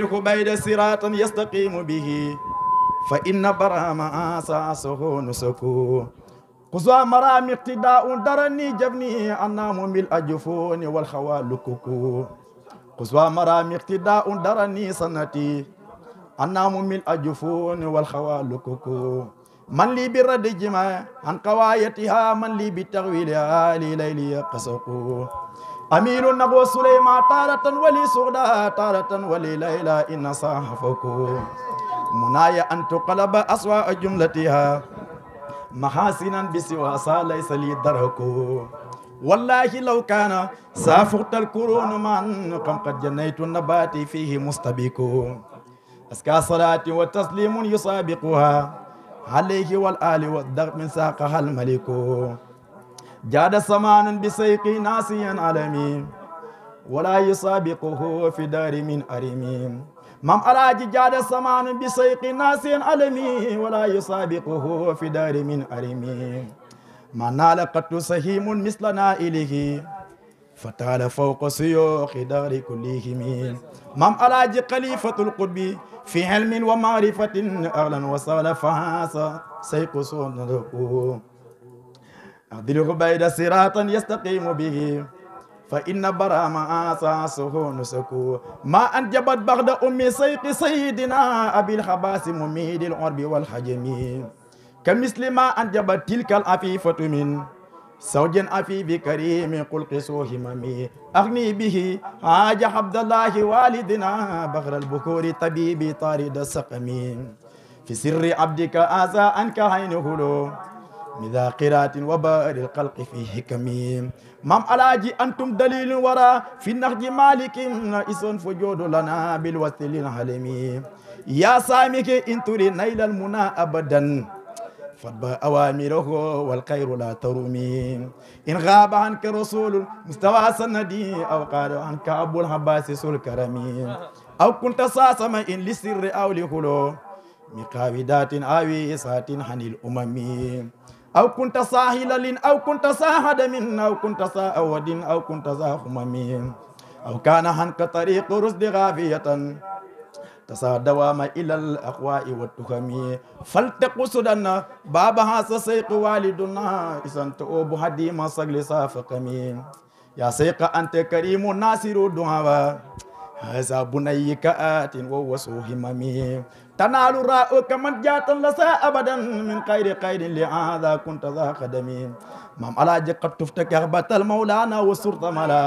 الخبيد صراطا يستقيم به فإن برام آساسه نسكو قزوى مرام اقتداء درني جبني أنام من الأجفون والخوال والخوالككو قزوى مرام اقتداء درني سنتي أنام من الأجفون والخوال والخوالككو من لي برد جمع عن قوايتها من لي بتغويلها لليل قسقو أمير النبو سليما تارة ولي سغدا تارة ولي ليلى إن صاحبكم منايا أن تقلب أسواء جملتها محاسنا بسوى ليس لي درك والله لو كان سافقت الكرون من قم قد جنيت النبات فيه مستبيك أسكى صلاة وتسليم يسابقها عليه والآل والدغ من ساقها الملك جاد سمانا بسيق ناسيا علمي ولا يسابقه في دار من أرمي مام ألاجي جاد سمانا بسيق ناسيا علمي ولا يسابقه في دار من أرمي ما نال قط سهيم مثل نائله فتال فوق سيوخ دار كلهم مام ألاجي خليفة القدب في علم ومعرفة أغلا وصال فهاس سيقصون لكم أدله بيد صراطا يستقيم به فإن برام أساسه نسكو ما أنجبت بغد أمي سيق سيدنا أبي الخباس مميد العرب والحجم كمثل ما أنجبت تلك الأفيفة من سوج أفي بكريم قل قسو هممي أغني به حاج عبد الله والدنا بغر البكور طبيبي طارد السقم في سر عبدك آزا أنك عين مذاقرات وبار القلق في حكمهم مام الاجي انتم دليل ورا في نهج مالك نائس فجود لنا بالوسل الحليم يا سامك ان تري نيل المنى ابدا فاتبع اوامره والخير لا ترمي ان غاب عنك رسول مستوى سندي او قال عنك ابو الحباس سل كرمي او كنت ساسما ان لسر او لخلو مقاودات اوي سات عن الامم aw kunta saahilalin aw kunta saahadamin aw kunta saa awadin aw kunta saa xumamin aw kaana hanka tariqu rusdi gaafiyatan tasaa dawaama ilal aqwaai wa tuhami faltaqu sudanna baabaha sa sayqi waliduna isanta obu hadima sagli saafaqami ya sayqa anta karimu nasiru duhawa hasa bunayika aatin wa wasu himami tanaalu raa'uka man jaatan la saa abadan min xayri xayrin li aada kunta za xadami maam alaaji qad tuftaka batal mawlaana wa surta mala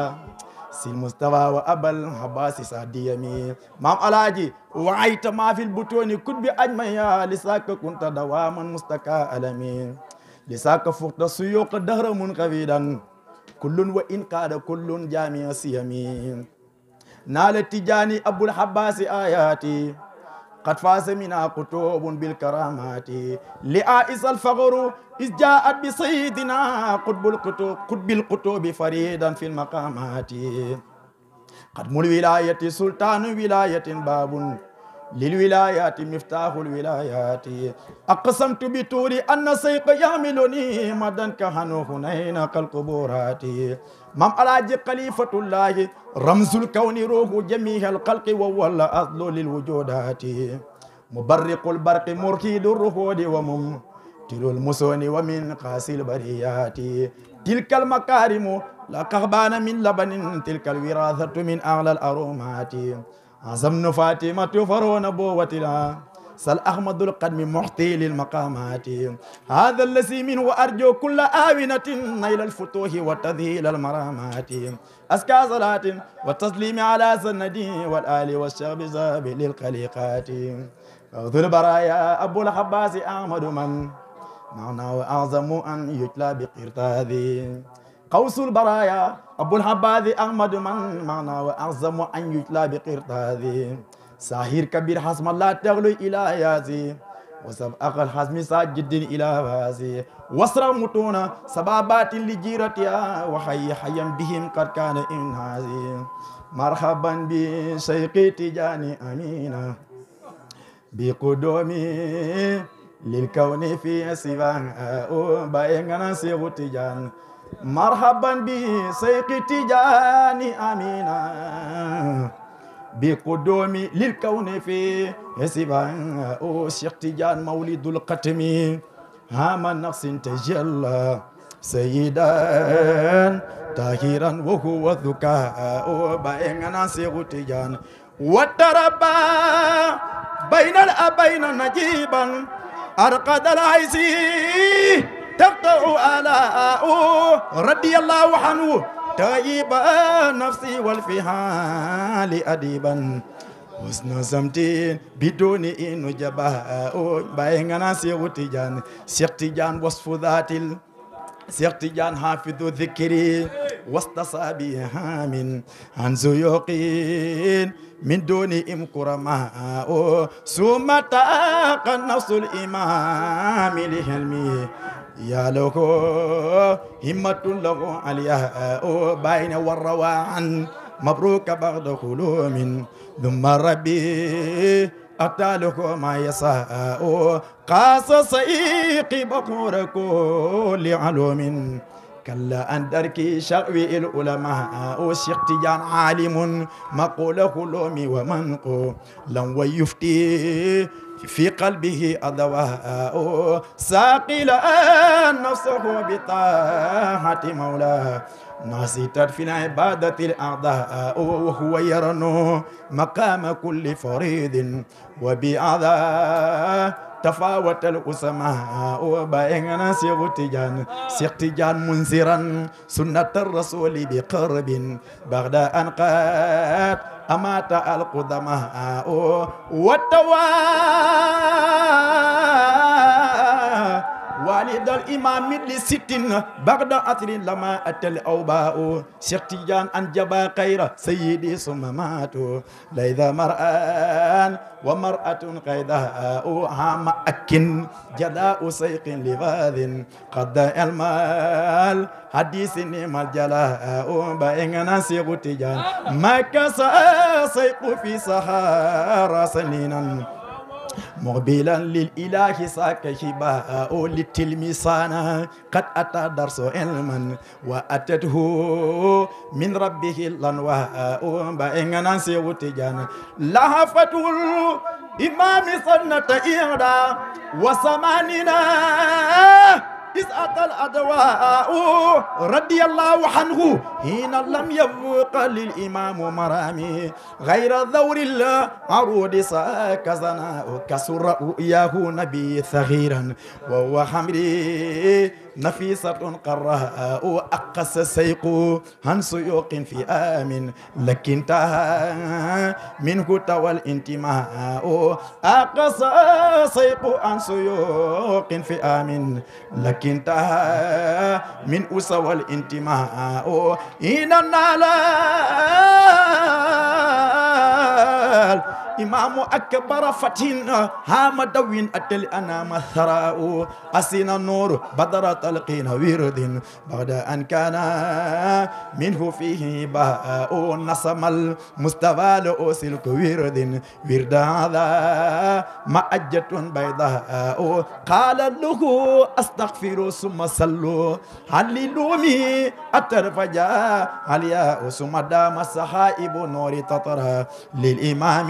sil mustawa wa abal habasi sa diyami maam alaaji waayta maa fil butooni kutbi ajmaya li saaka kunta dawaaman mustaka alami li saaka furta suyuqa dahra mun xawidan kullun wa in qaada kullun jaamia siyami naala tijaani abul habasi ayaati قد فاز منا قطوب بالكرامات لآئس الفغر إذ جاءت بسيدنا قطب القطوب قطب القطوب فريدا في المقامات قد مول ولاية سلطان ولاية باب للولايات مفتاح الولايات أقسمت بتوري أن سيق يعملني مدن كهنو هنين كالقبورات مم ألاج قليفة الله رمز الكون روح جميع القلق وهو أضل للوجودات مبرق البرق مركيد الرهود ومم تلو المسون ومن قاسي البريات تلك المكارم لا كهبان من لبن تلك الوراثة من أعلى الأرومات عزمن فاطمة فرو بوتلا سل أحمد القدم محتي للمقامات هذا الذي منه أرجو كل آونة نيل الفتوح وتذيل المرامات أسكى صلاة والتسليم على سندي والآل والشعب زاب للقليقات أخذ البرايا أبو الحباس أحمد من معناه أعظم أن يتلى بقرطاذي قوس البرايا أبو الحبادي أحمد من معنا وأعظم أن يجلى بقرطاذ ساهر كبير حسم الله تغلو إلى يازي وسب أقل حزم ساجد إلى وازي وسر متونا سبابات اللي جيرت يا وحي حيا بهم قد كان إنهازي مرحبا بشيقي تجاني أمينة بقدومي للكون في سواه بأينا سيغو تجاني مرحبا بي بسيق تجاني امينا بقدومي للكون في سبا او شيخ تجان مولد القتم هام نقص تجلى سيدا تاهيرا وهو الذكاء بين سيغ تجان وتربى بين الابين نجيبا ارقد العزيز تقطع آلاء رضي الله عنه تائب نفسي والفهال أديبا حسن سمتين بدون إن جباء باين أنا سيغ تجان سيغ تجان وصف ذات سيق تجان حافظ ذكري وسط صابي هامن عن زيوقين من دون إمكرماء ثم تاق النفس الإمام لهلمي يا لوكو همة له عليا بين والروان مبروك بعد خلوم ثم ربي أتالك ما يساء قاس سيق بقور كل علوم كلا أن دركي الألماء العلماء شيخ تجان عالم مقول لومي ومنقو لن ويفتي في قلبه أدواء ساقي لأن نفسه بطاعة مولاه نسيت في العبادة الأعضاء وهو يرنو مقام كل فريد وبأعضاء تفاوت الأسماء وبأينا سيغ تجان سيغ تجان سنة الرسول بقرب بغدا أنقات أمات القدماء والتواب والد الإمام لست بعد أثر لما أتى الأوباء سرتيان أنجبا خير سيدي صممات لإذا مرآن ومرأة قيداء عام أكن جلاء سيق لباذ قد المال حديث نيم الجلاء بإن سيغ تجان ما كسا سيق في سهار سنينا مقبلا للإله ساك شباء للتلمسان قد أتى درس علما وأتته من ربه الأنواء بإننا سيوتجان لهفته الإمام سنة إعدى وسماننا تسعة الأدواء رضي الله عنه حين لم يبق للإمام مرامي غير ذور العروض ساك زناء كسر رؤياه نبي صغيرا وهو حمري نفيسة قراء أقص سيق عن سيوق في آمن لكن تها منه توى الانتماء أقس سيق عن سيوق في آمن لكن تها من أسوى الانتماء إن النال إمام أكبر فتين هام دوين أتل أنا مثراء أسين النور بدر تلقين ورد بعد أن كان منه فيه باء نصم المستوى لأسلك ورد ورد هذا مأجة بيضاء قال له أستغفر ثم صلوا هللومي أترفجا عليا ثم دام صحائب نور تطرى للإمام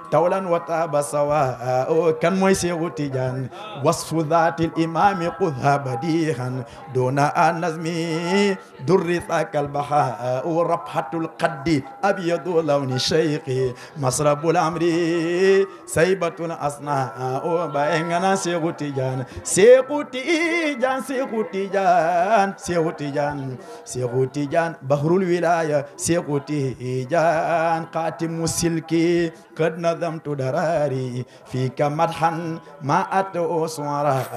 tawlan wa taaba sawa kan mooy seexu tijaan wasfu dhaatil imaami qudha badihan duna a nazmi durri saakal baha rabhatul qaddi abyadu lawni shaykhi masrabul amri saybatul asna o ba engana seexu tijaan seexu tijaan seexu tijaan seexu tijaan seexu tijaan bahrul wilaya seexu tijaan qatimu silki kadna نظمت دراري فيك مدحا ما أتو سوراء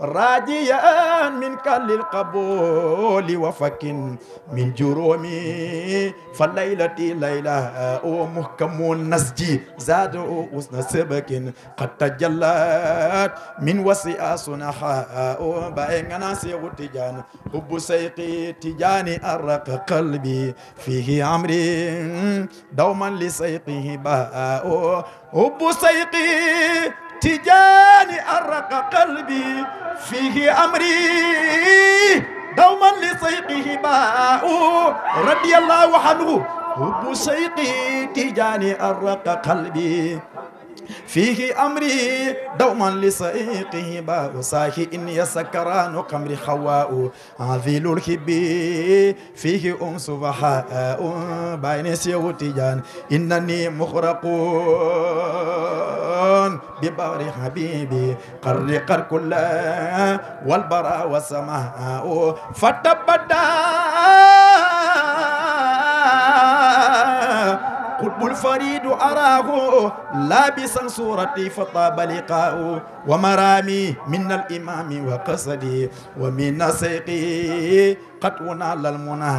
راجيا من كل القبول وفك من جرومي فالليلة ليلة محكم نسجي زاد أوس نسبك قد تجلت من وسع صنحاء بأينا ناسي تجان حب سيقي تجاني أرق قلبي فيه عمري دوما لسيقه باء حب سيقي تجاني أرق قلبي فيه أمري دوما لسيقه باء رضي الله عنه حب سيقي تجاني أرق قلبي فيه أمري دوما لسائقه باء ساهي إن يسكران قمر خواء عذيل الكب فيه أم سبحاء بين سيوتيان إنني مخرق ببار حبيبي قرقر كل والبراء والسماء فتبدا قلب الفريد كاد أراه لابسا صورتي فطاب لقاؤه ومرامي من الإمام وقصدي ومن سيقي قد ونال المنى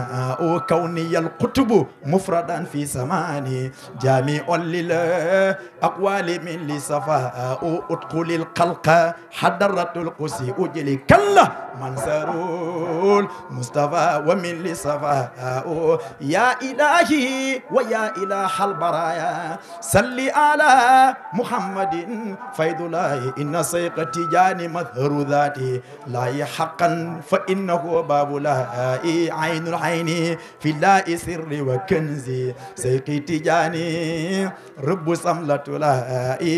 كوني القطب مفردا في سماني جامع للأقوال من لصفاء أدخل القلق حضرة القسي أجلي كلا من سرول مصطفى ومن لصفاء يا إلهي ويا إله البرايا salli ala muhammadin faydulahi inna sayqa tijani mazharu dhati layi haqqan fa innahu babu lahi aynul ayni fi lahi sirri wa kanzi sayqi tijani rabbu samlatu lahi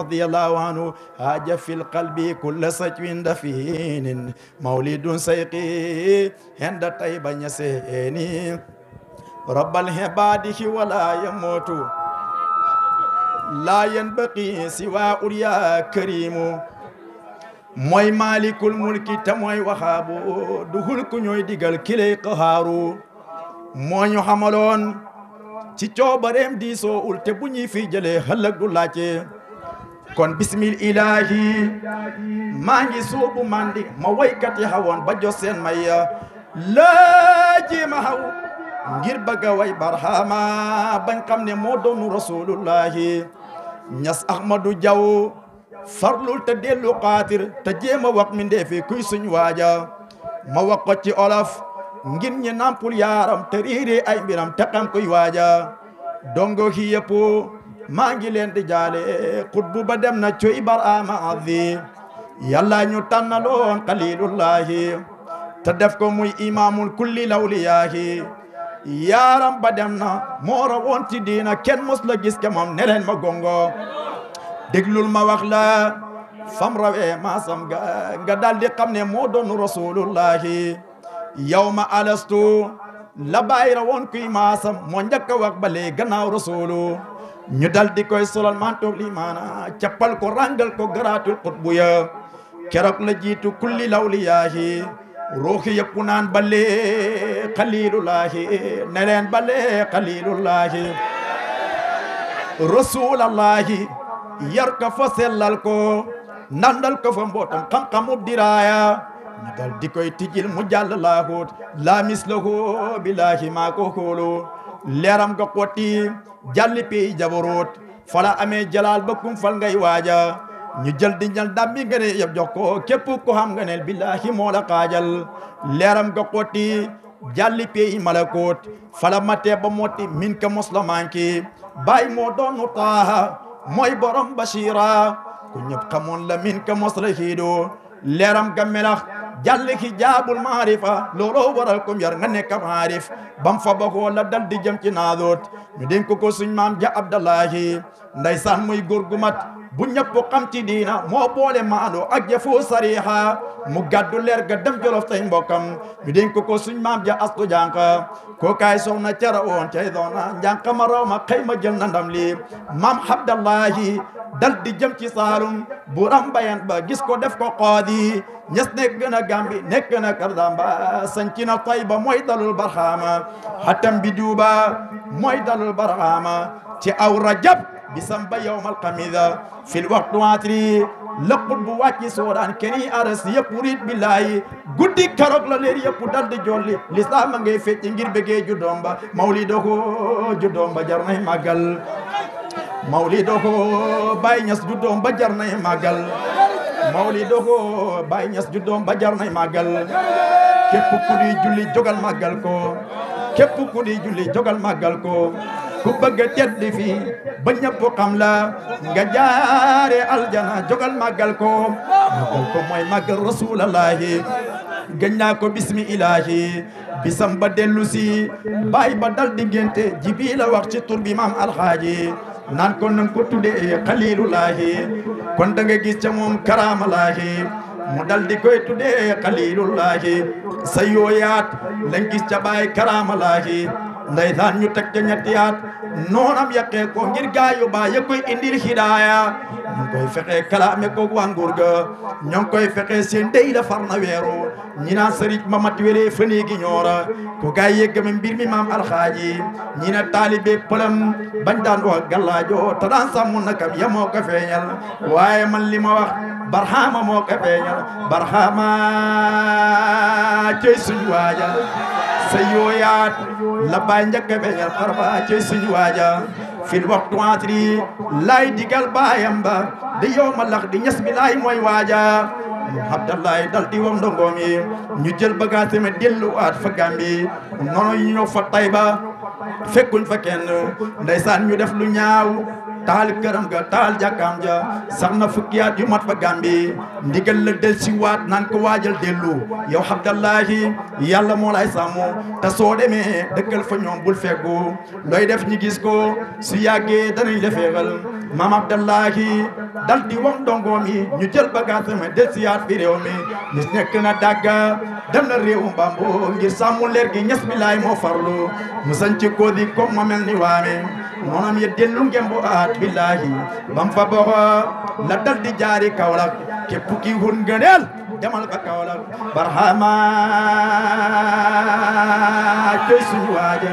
radiyallahu anhu haja fil qalbi kulla sajwin dafinin mawlidun sayqi henda tayba nyaseni رب العباد ولا يموت لا ينبغي سوى أولياء كريم mooy maalikul mulki te mooy waxaabu duhul ku ñooy digal kilay xahaaru moo ñu xamaloon ci coobareem di soowul te bu ñuy fi jëlee xëllëg kon bismil ilaahi maa ngi suubu mandi ma woykat yi xawoon ba jos seen may laa ma xaw ngir bëgg a way barhama bañ xam ne moo doonu rasulullahi ñas ahmadu jaw farlul te dellu xaatir te jéem a wax mi ndeefi kuy suñ waaja ma wax ko ci olaf ngir ñi nampul yaaram te riiri ay mbiram te xam kuy waaja dongo ki yëpp maa ngi leen di jaale xutbu ba dem na coy barama azi yàlla ñu tànnaloon xalilullahi te def ko muy imaamul kulli lawliyaahi yaaram ba dem na moo rawoon diina kenn mos la gis ke moom ne leen ma gongo déglul ma wax fam rawee maasam ga nga daal ne moo doon rasulullahi yow ma alastu la bàyyi rawoon kuy maasam moo njëkk a wax balee gannaaw rasulu ñu dal di koy solal mantoog li maana cappal ko rangal ko garaatul xutbu ya la jiitu kulli lawliyaahi ruuxi yëpp naan bale xalilullahi ne leen bale xalilullahi yar ka fa sellal ko nandal ko fa mbootam xam-xamub diraaya ñu dal di koy tijil mu jàll laaxut laa mislahu billahi maa ko xoolu leeram nga xotti jàlli pey jabaroot fala amee jalaal ba kum fal ngay waaja ñu jël di ñal dam bi nga ne yëpp jox ko képp ko xam nga ne billahi moo la xaajal leeram nga xotti jàlli peyi malakoot fala matee ba motti min ka moslamanki bàyyi moo doonu taaha mooy borom basira ku ñëpp xamoon la min ka mosla xiidoo leeram nga melax jàlli ki jaabul maarifa looloo waral kum yar nga nekk maarif bam fa bakoo la dal di jëm ci naadoot ñu dénk ko suñ ja abdallahi nday sax muy bu ñëpp xam ci diina moo boole maandoo ak jëfoo sariha mu gàddu leer ga dem jolof tay mbokkam mi dénk ko ko suñ maam ja astu jànq koo kaay soxna cara woon cay doona njànq ma raw ma xëy ma jël ndam li maam habdallahi dal di jëm ci saalum bu ram bayan ba gis ko def ko xoodi ñes nekk na gambi nekk na kardamba sanci tayba mooy dalul barxaama xatam bi duuba mooy dalul barxaama ci aw rajab بسم بيوم القميدة في الوقت واتري لقد بواكي سوران كني أرس يبوريد بالله guddi keroog la leer yëpp daldi jolli lislaam a ngay fecc ngir bëggee juddoom ba mawlido ko juddoom ba jar nay màggal mawlido ko Baay Ñas juddoom ba jar nay màggal mawlido ko Baay Ñas juddoom ba jar nay màggal julli jogal màggal ko képp julli jogal màggal ku bëgg a tedd fii ba ñëpp xam la nga jaare aljana jogal màggal ko màggal ko mooy màggal rasulallahi gëñ naa bismi ilaahi bisam ba dellu si baay ba dal diggante jibi la wax ci tur bi maam alxaaji naan ko nanga ko tuddee xaliilulaahi kon da gis ca moom karaamalaahi mu dal di koy tuddee xaliilulaahi sa yooyaat lañ gis ca baay karaamalaahi ndeysaan ñu teg ca ñetti at noonam yàqee ko ngir gaay yu baax indil hidaaya ñu koy fexee kalaame ko waa nguur ga ñoo ngi koy fexee seen dey far na weeru ñi naan sëriñ mamat wéree fënee gi ñoora ko gaay yegg ma mbir mi maam alxaaji ñi na taalibe pëlam bañ daan gallaajo te daan sàmm na kam ya moo feeñal waaye man li ma wax barxaama moo feeñal barxaama cey suñ waajal sa yooyaat la baay njëkk a feeñal xarba ci suñu waaja fil waxtu antri laay digal baayam ba di yow ma lax di ñes laay mooy waaja Abdallahi dal di ndongoom yi ñu jël bagage mi delluwaat fa Gàmbi noonu ñu ñëw fa fekkuñ fa kenn ndeysaan ñu def lu ñaaw taal këram ga taal jàkkaam ja sax na fukki yu mat fa Gàmbi ndigal la del si waat naan ko waajal dellu yow Abdallahi yàlla moo lay sàmm te soo demee dëkkal fa ñoom bul feggu looy def ñi gis ko su yàggee danañ la feexal maam Abdallahi dal di wam dongoom yi ñu jël bagage ma del si yaat fi réew mi ñu nekk na dàgga dem na réewu Mbambo ngir sàmm leer gi ñes bi laay moo farlu mu sañ ci koo ma mel ni waame monom ye dellum gembo aat billahi bam fa boxo la dal di jaari Kaolack képp ki hun gëneel demal ba Kaolack barhama coy waaja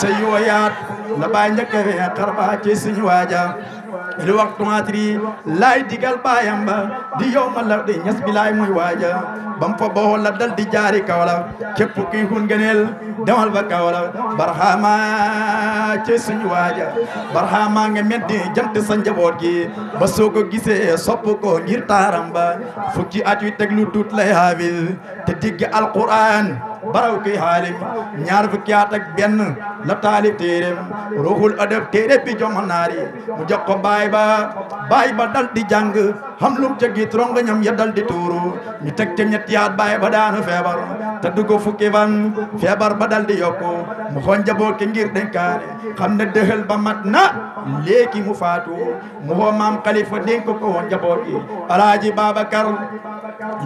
sa yooyaat la baa njëkk a xar baa coy waaja ilu waktu matri lay digal bayam ba di yow ma la de ñas bi lay moy waja bam fa bo la dal di jari kawla kep ki hun genel demal ba kawla barhama ci suñu waja barhama nga medde jant sa njabot gi ba soko gise sop ko ngir taram ba fukki atu teglu tut lay habil te digge alquran baraw ki halim ñaar bu kiyat ak ben la talib terem ruhul adab tere bi jomanaari mu jox baay ba baay ba dal di jàng xam lu ca gi rongañam ya dal di tuuru ñu teg ca ñetti yaat ba daanu feebar ta du ko fukki fan feebar ba dal di yokku mu xoon jaboo ke ngir dénkaane xam ne dëxël ba mat na léegi mu faatu mu xoo xalifa dénk ko woon jaboot yi alaaji Babacar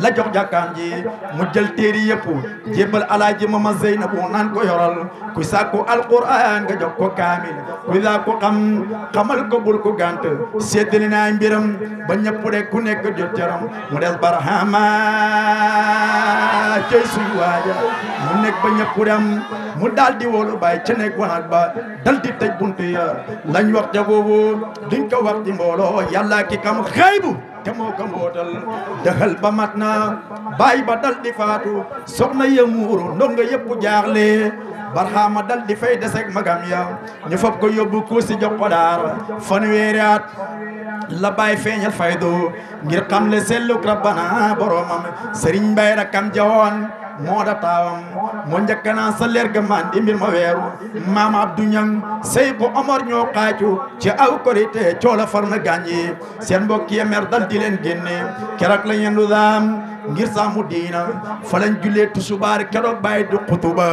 la jox jàkkaam ji mu jël téeri yëpp jébbal alaaji mama Zeynabu naan ko yoral ku sàkku alquran nga jox ko kaamil ku sàkku xam xamal ko bul ko gànt séddale naa mbiram ba ñëpp de ku nekk jot jaram mu des barahama cey suy mu nekk ba ñëpp dem mu daal di wóolu bàyyi ca nekk wanaat ba dal di tëj buntu ya lañ wax ja boobu duñ ko wax ci mbooloo yàlla ki kam xaybu te moo ko mbootal dëxal ba mat na bàyyi ba dal di faatu soxna ya muuru ndonga yëpp jaaxle barxaama dal di fay deseg magam ya ñu fab ko yóbbu kuusi jox ko daar fanweeri at la bàyyi feeñal faydu ngir xam le selluk rabbana boromam sëriñ mbay rakam jawoon moo da taawam moo njëkkanaa sa leer ga maan ma weeru maam abdou ñang sey ko omar ñoo xaacu ci aw korité coola farna gàññi seen mbokk ya mer dal leen génne kerak la yendu daam ngir saamu diina fa lañ jullee tusubaar keroog bàyyi du xutuba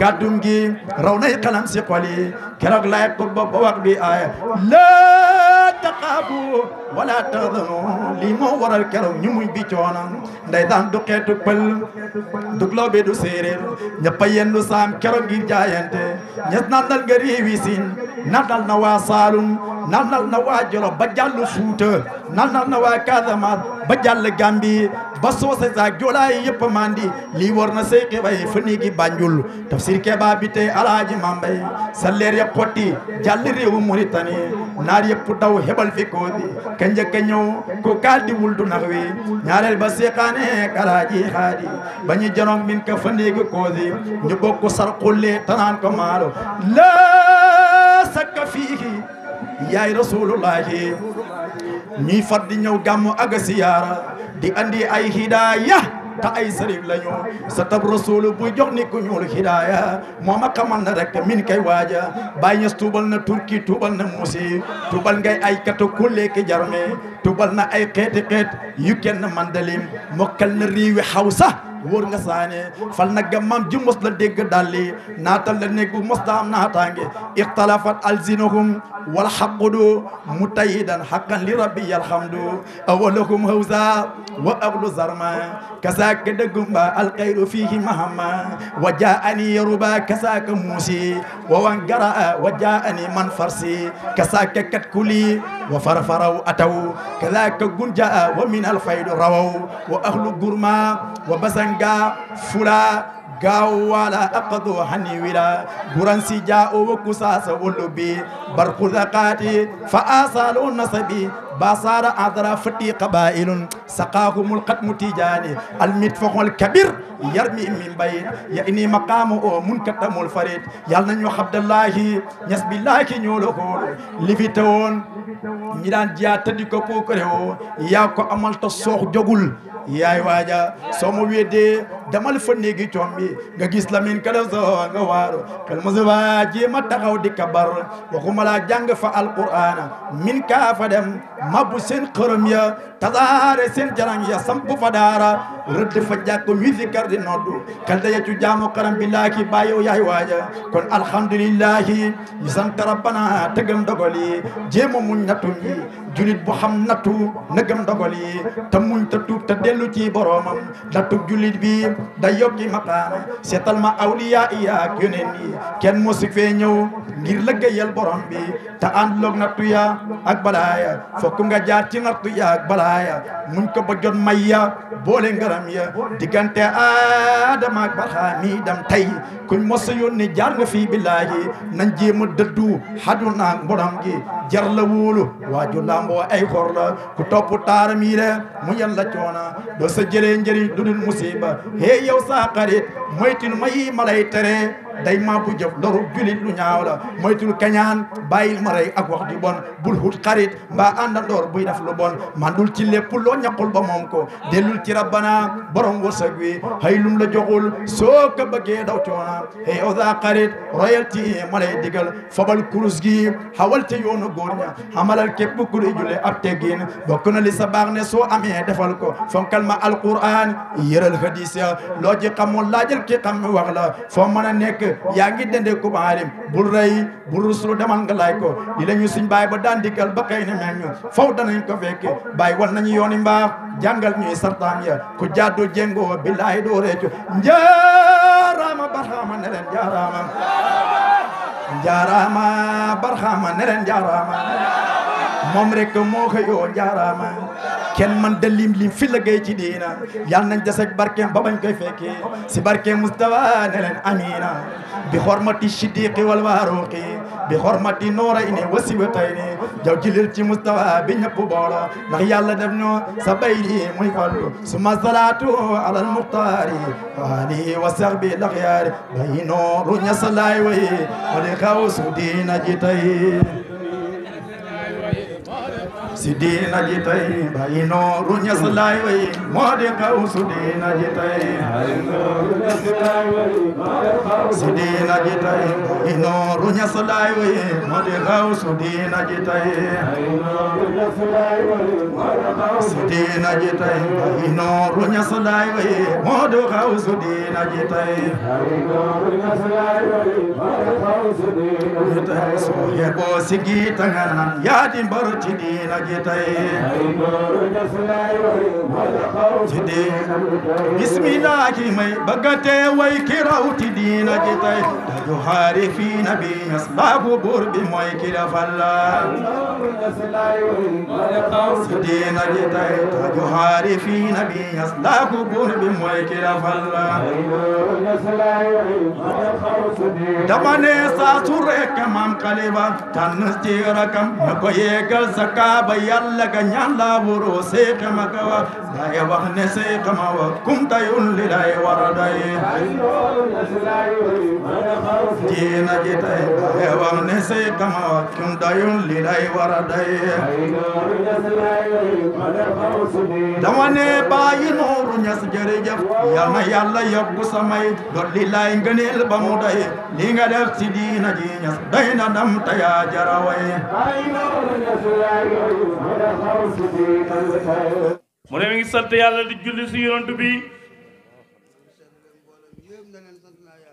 kàddum gi raw nay xalam si xol yi keroog laay ko ba wax bi aaya laa taqaabu wala taxdanu lii moo waral keroog ñu bi coono ndeysaan du xeetu pël du loobe du séeréer ñëpp a yendu saam keroog ngir jaayante ñes natal nga réewi siin natal na waa Saalum natal na waa Jolof ba jàllu Fuuta natal na waa Casamance bajal gambi basso se za jolay yep mandi li worna se ke bay fini gi banjul tafsir ke babite alaji mambay saler ya poti jall rew muritani nar yep daw hebal fi kodi kanja kanyo ko kaldi wuldu nawe ñaarel basse xane kalaji hadi bañu jonom min ka fini gi kodi ñu bokku sar qulle tanan ko malo la sak fihi ya rasulullah ñi fat di ñew gàmm aga siyaara di andi ay hidaaya ta ay sëriñ lañu sa tab rasul bu jox ni ku ñul moma kamal na rek min kay waja bàyyi ñes na turki tubal na musi tubal ngay ay kata kulleeki jarme tubal na ay yu kenn mandalim mokal na riwi hausa wóor nga saane fal na gammaam ji mos la dégg dalli naatal la nekk bu mos la am naataange ixtalafat alsinahum wal xaqudu mutayidan xaqan li rabbi alhamdu awalakum hawsa wa ablu zarma kasaaka dëggumba alxayru fihi mahama wa jaani yaruba kasaaka muusi wa wangaraa wa jaani man farsi kasaaka katkuli wa farfaraw ataw kasaaka gunjaa wa min alfaydu rawaw wa ahlu gurma wa basan فلا yanga fula gawala aqdu haniwila buransi ja'u kusasa ulubi barqudaqati ذقاتي asalu nasabi باصار أدرى فتي قبائل سقاهم القتم تجاني المدفق الكبير يرمي من بين يعني او منكتم الفريد يالنا نيو عبد الله نسب الله كي نيولو لفتون نيران جيا تدي كو بوكريو يا كو عمل تصوخ جوغول yaay waaja soo ma weddee damal fa néegi combi nga gis lamin ka def soo nga waaru xel mu si jéema taxaw di kabar waxuma laa jàng fa alqur'aana min kaa fa dem mabbu seen xërëm ya tasaare seen jarang ya samp fa daara rëdd fa jàkk mi zikar di noddu xel daya cu jaamu xaram billaahi baa yow waaja kon alhamdulillahi ñu sant rabbana te gëm jéema muñ nattu julit bu xam nattu na gëm dogal muñ te tuub te dellu ci boromam nattub julit bi day yokki maqaama seetal ma awliyaa yi ak yoneen yi kenn mosu fee ñëw ngir lëggéeyal borom bi te ànd loog nattu ya ak balaaya fokk nga jaar ci nattu ya ak balaaya muñ ko ba jot may ya boole ngaram ya diggante aadama ak barxaami dam tey kuñ mosu yónni jaar nga fii billaahi nañ jéem a dëddu xadu naag mborom gi jar la wóolu waaju làmboo ay xor la ku topp taaram yi mu yan la coona doo sa jëlee njëriñ du dul hey yow saa xarit moytul ma yi ma lay tere day ma bu jëf kañaan bàyyil ma ak wax di bon bul hut xarit mbaa àndandoor buy def lu bon mandul ci lépp loo ñaqul ba moom ko dellul ci rabbana borom wërsëg wi hay lum la joxul soo ko bëggee daw coona hey yow saa xarit royal ci ma lay digal fabal kurus gi xawal te yoonu góor ña xamalal képp ku lay julee ab teggin bokk li sa baax ne soo amee defal ko fonkal ma alquran yëral hadis ya loo ci xamul laajal ki xam wax la foo mën a nekk yaa ngi dende ku baalim bul rëy bul ruslu demal nga laaj ko li ñu suñ baay ba daan dikkal ba xëy na mel ñu faw danañ ko fekke baay wal nañu yooni mbaax jàngal ñuy sartaan ya ku jàddu jéngoo billaahi doo réccu njaaraama barxaama ne leen njaaraama moom rek moo xëyoo njaaraama ken man de lim lim fi liggey ci diina yal nañ dess ak barke ba bañ koy fekke ci barke mustafa ne len amina bi hormati siddiq wal waruqi bi hormati nora ine wasi wataine jaw ci lil ci mustafa bi ñep boora ndax yalla def ñoo sa bayri muy fallu suma salatu ala al muqtari ali wa sahbi al aghyar bayno ru nya salay way wal khawsu diina ji tayyib si diina ji tey bay nooru ñas laay way moo di xaw su diina ji tey si diina ji tey bay nooru ñas laay way moo di xaw su diina ji tey si diina ji tey bay nooru ñas laay way moo di xaw su diina ji tey soo yeboo si giita nga naan yaa di mbar ci diina ji ji tey ci diin ki dama ne saa su rekk maam xaliba rakam na ko sa kaaba yalla ga nyanda buru se kama kawa day wax ne se kama wa kum tayul li day war day jina ji tay day wax ne se kama wa kum tayul li day war day dama ne bayi nuru nyas jere jaf yalla yalla yobbu samay dolli lay ngeneel ba mu day li nga def ci dina ji nyas day na dam tayajarawe ay no nyas lay mu ne mi ngi sant yàlla di julli si yonent bi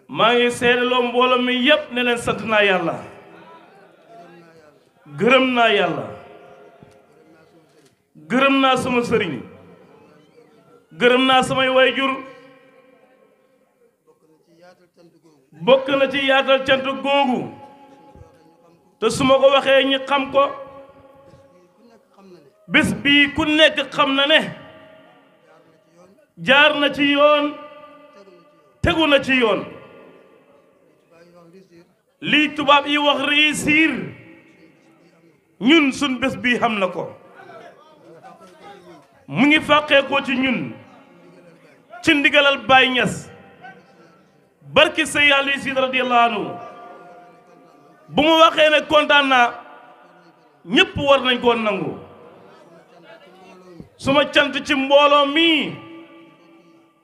maa ngi seedeloo mbooloo mi yépp ne leen sant naa yàlla gërëm naa yàlla gërëm naa sama sëriñ gërëm naa samay waajur bokk na ci yaatal cant googu te su ma ko waxee ñi xam ko bés bii ku nekk xam na ne jaar na ci yoon tegu na ci yoon lii tubaab yi wax réussir ñun suñ bés bii xam na ko mu ngi fàqee ko ci ñun ci ndigalal Baay Ñas barki sey yàlla yi siid radiyallahu bu mu waxee ne kontaan naa ñépp war nañ koo nangu suma cant ci mbooloo mii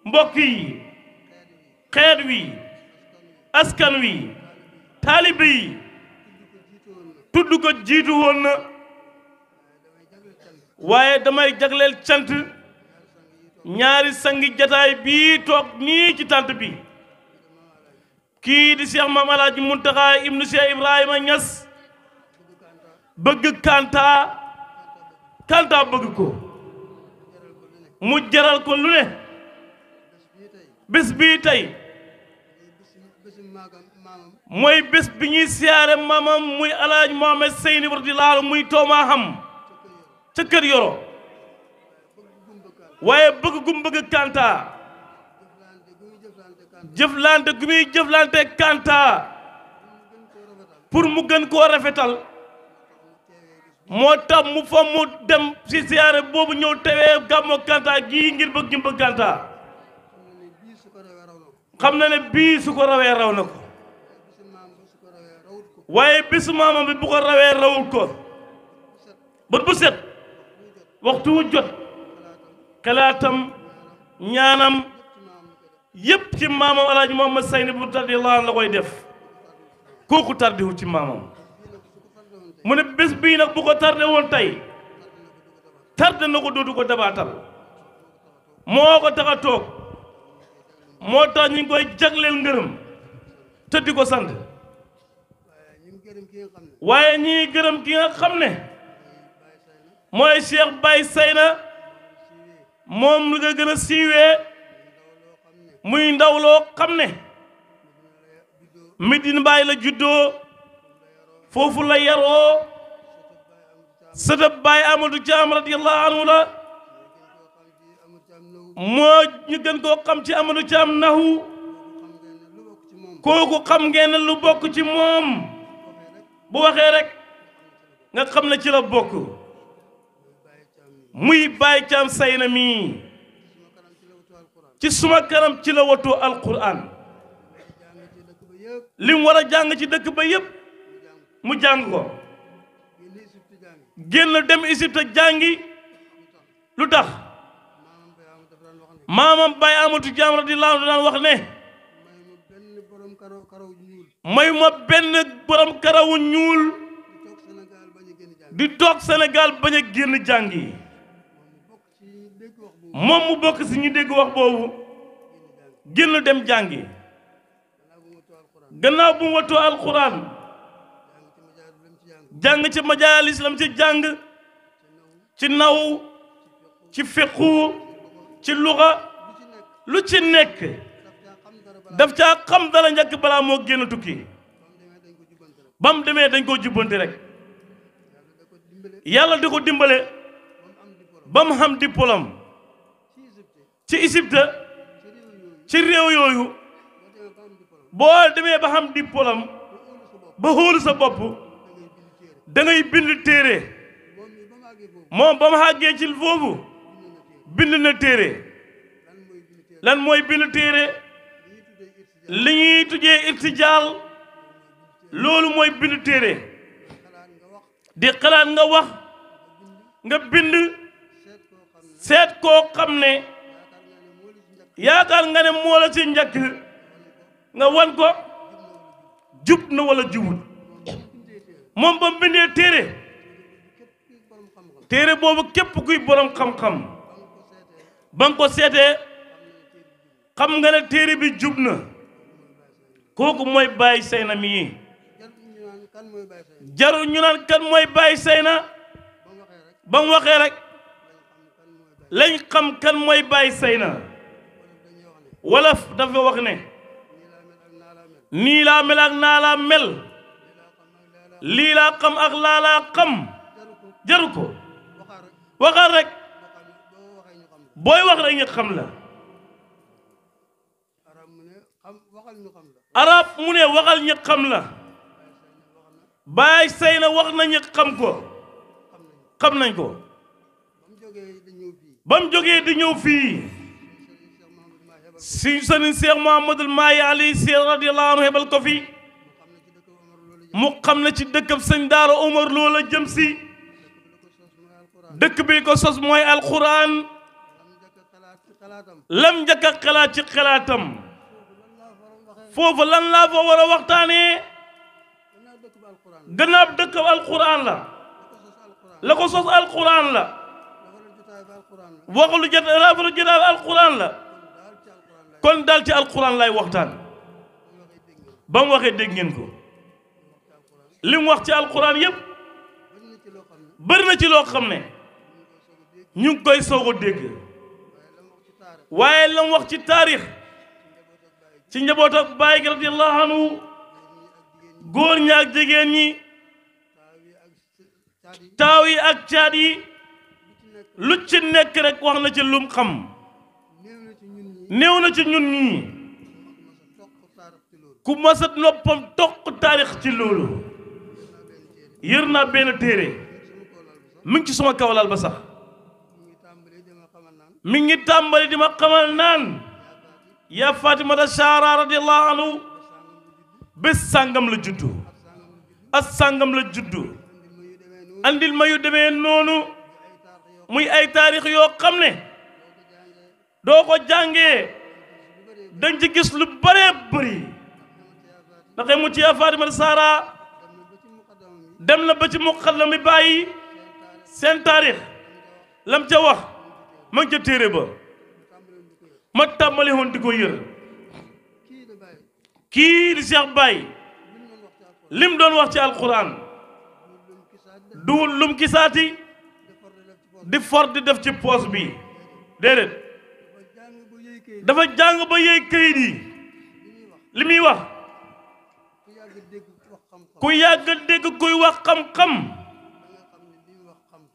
mbokk yi xeet wi askan wi taalibe yi tudd ko jiitu woon na waaye damay jagleel cant ñaari sangi jataay bii toog nii ci tant bi kii di Cheikh Maam Alaaji Muntaxa ibnu Cheikh Ibrahima Ñas bëgg Kanta Kanta bëgg ko mu jaral ko lu ne bés bii tey mooy bés bi ñuy siyaare maamam muy alaaj Mohamed Seyni radiyallaahu anhu muy toomaa xam ca kër yoro waaye bëgg gum bëgg kanta jëflante gu muy jëflante kanta mu gën koo rafetal moo tax mu fa mu dem ci boobu ñëw tewee gàmmu Kanta gii ngir bëgg bëgg Kanta xam na ne bii su ko rawee raw na ko waaye bisu maamam bi bu ko rawee rawul ko bët bu set waxtu wu jot xalaatam ñaanam yépp ci maamam alaaji Muhammad Sayni bu radiyallaahu anhu la koy def kooku tardiwu ci maamam mu ne bés bii nag bu ko tardé woon tey tardé na ko dootu ko dabaatal moo ko tax a toog moo tax ñu ngi jagleel ngërëm te di ko sant waaye ñii gërëm ki nga xam ne mooy Cheikh Baye say na li nga gën a siiwee muy ndaw loo xam ne Medina Baye la juddoo foofu la yaroo sëtëb baay Amadou Thiam radiyallahu anhu la moo ñu gën koo xam ci Amadou Thiam nahu kooku xam ngeen lu bokk ci moom bu waxee rek nga xam ne ci la bokk muy baay say na mi ci suma kanam ci la watoo alquran li mu war a jàng ci dëkk ba yépp mu jàng ko génn dem Égypte jàngi lu tax maamam Baye Amadou Diam radiyallaahu anhu daan wax ne may benn borom karawu ñuul di toog Sénégal bañ a génn jàngi moom mu bokk si ñu dégg wax boobu génn dem jàngi gannaaw bu mu watoo alxuraan jàng ci majaalis lam ci jàng ci naw ci fiqu ci luxa lu ci nekk daf caa xam dara njëkk balaa moo génn tukki ba mu demee dañ koo jubbanti rek yàlla di ko dimbale ba mu xam diplôme ci Égypte ci réew yooyu boo demee ba xam diplôme ba hóolu sa bopp dangay ngay bind téere moom ba mu àggee ci foofu bind na téere lan mooy bind téere li ñuy tujjee irtijaal loolu mooy bind téere di xalaat nga wax nga bind seet koo xam ne yaakaar nga ne moo la ci nga wan ko jub na wala jubut moom ba mu bindee téere téere boobu képp kuy borom xam-xam ba nga ko seetee xam nga ne téere bi jub na kooku mooy Baye na mii jarul ñu naan kan mooy Baye Seyna ba mu waxee rek lañ xam kan mooy Baye Seyna wolof dafa wax ne nii laa mel ak naa laa mel lii laa xam ak laa laa xam jaru ko waxal rek booy wax rek ñu xam la arab mu ne waxal ñu xam la baay sey na wax na ñu xam ko xam nañ ko ba mu jógee di ñëw fii si sëriñ Cheikh Mouhamadoul Mahi alayhi radiyallahu anhu hebal ko fii مقام لشي دكب سندار عمر لولا جمسي دكب قصص موي القران لم جك قلاتي قلاتم فوف لن لا فور وقتاني غناب دكب القران لا لقصص القران لا وقل جد رافر جد القران لا كون دالتي القران لا وقتان بام واخي دغنكو li wax ci alxuraan yëpp bëri na ci loo xam ne ñu koy soog a dégg waaye la wax ci taarix ci njaboot ak baay gi radiyallahu góor ñi ak ñi taaw yi ak caat yi lu ci nekk rek wax na ci lum xam néew na ci ñun ñii ku masa noppam toq taarix ci loolu yër naa benn téere mi ngi ci suma kawlal ba sax mi ngi tàmbali di ma xamal naan yaa Fatimata Zahra radiyallahu anhu bés sàngam la juddu ak sàngam la juddu andil ma yu demee noonu muy ay taarix yoo xam ne doo ko jàngee dañ ci gis lu bëree bëri ndax mu ci yaa Fatimata Zahra dem na ba ci muqaddam bi bàyyi seen taarix lam ca wax ma ngi ca téere ba ma tàmbali woon di ko yër kii di Cheikh lim doon wax ci alquran duwul lum kisaati di for di def ci poos bi déedéet dafa jàng ba yëy këyit yi li wax ku yàgg dégg koy wax xam-xam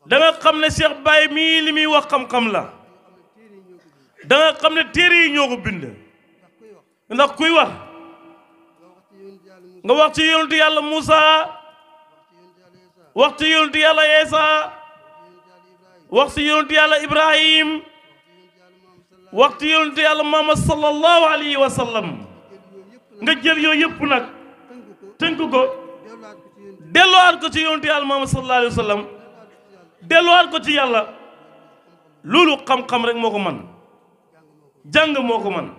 da nga xam ne Cheikh Baye mii li muy wax xam-xam la da nga xam ne téere yi ñoo ko bind ndax kuy wax nga wax ci yonentu yàlla Moussa wax ci yonentu yàlla Yeesa wax ci yonentu yàlla Ibrahim wax ci yonentu yàlla Muhammad sallallahu alayhi wa nga jël yooyu yëpp nag tënk ko delluwaat ko ci yonent yàlla Muhammad sallallahu alayhi wa delluwaat ko ci yàlla loolu xam-xam rek moo ko man jàng moo ko man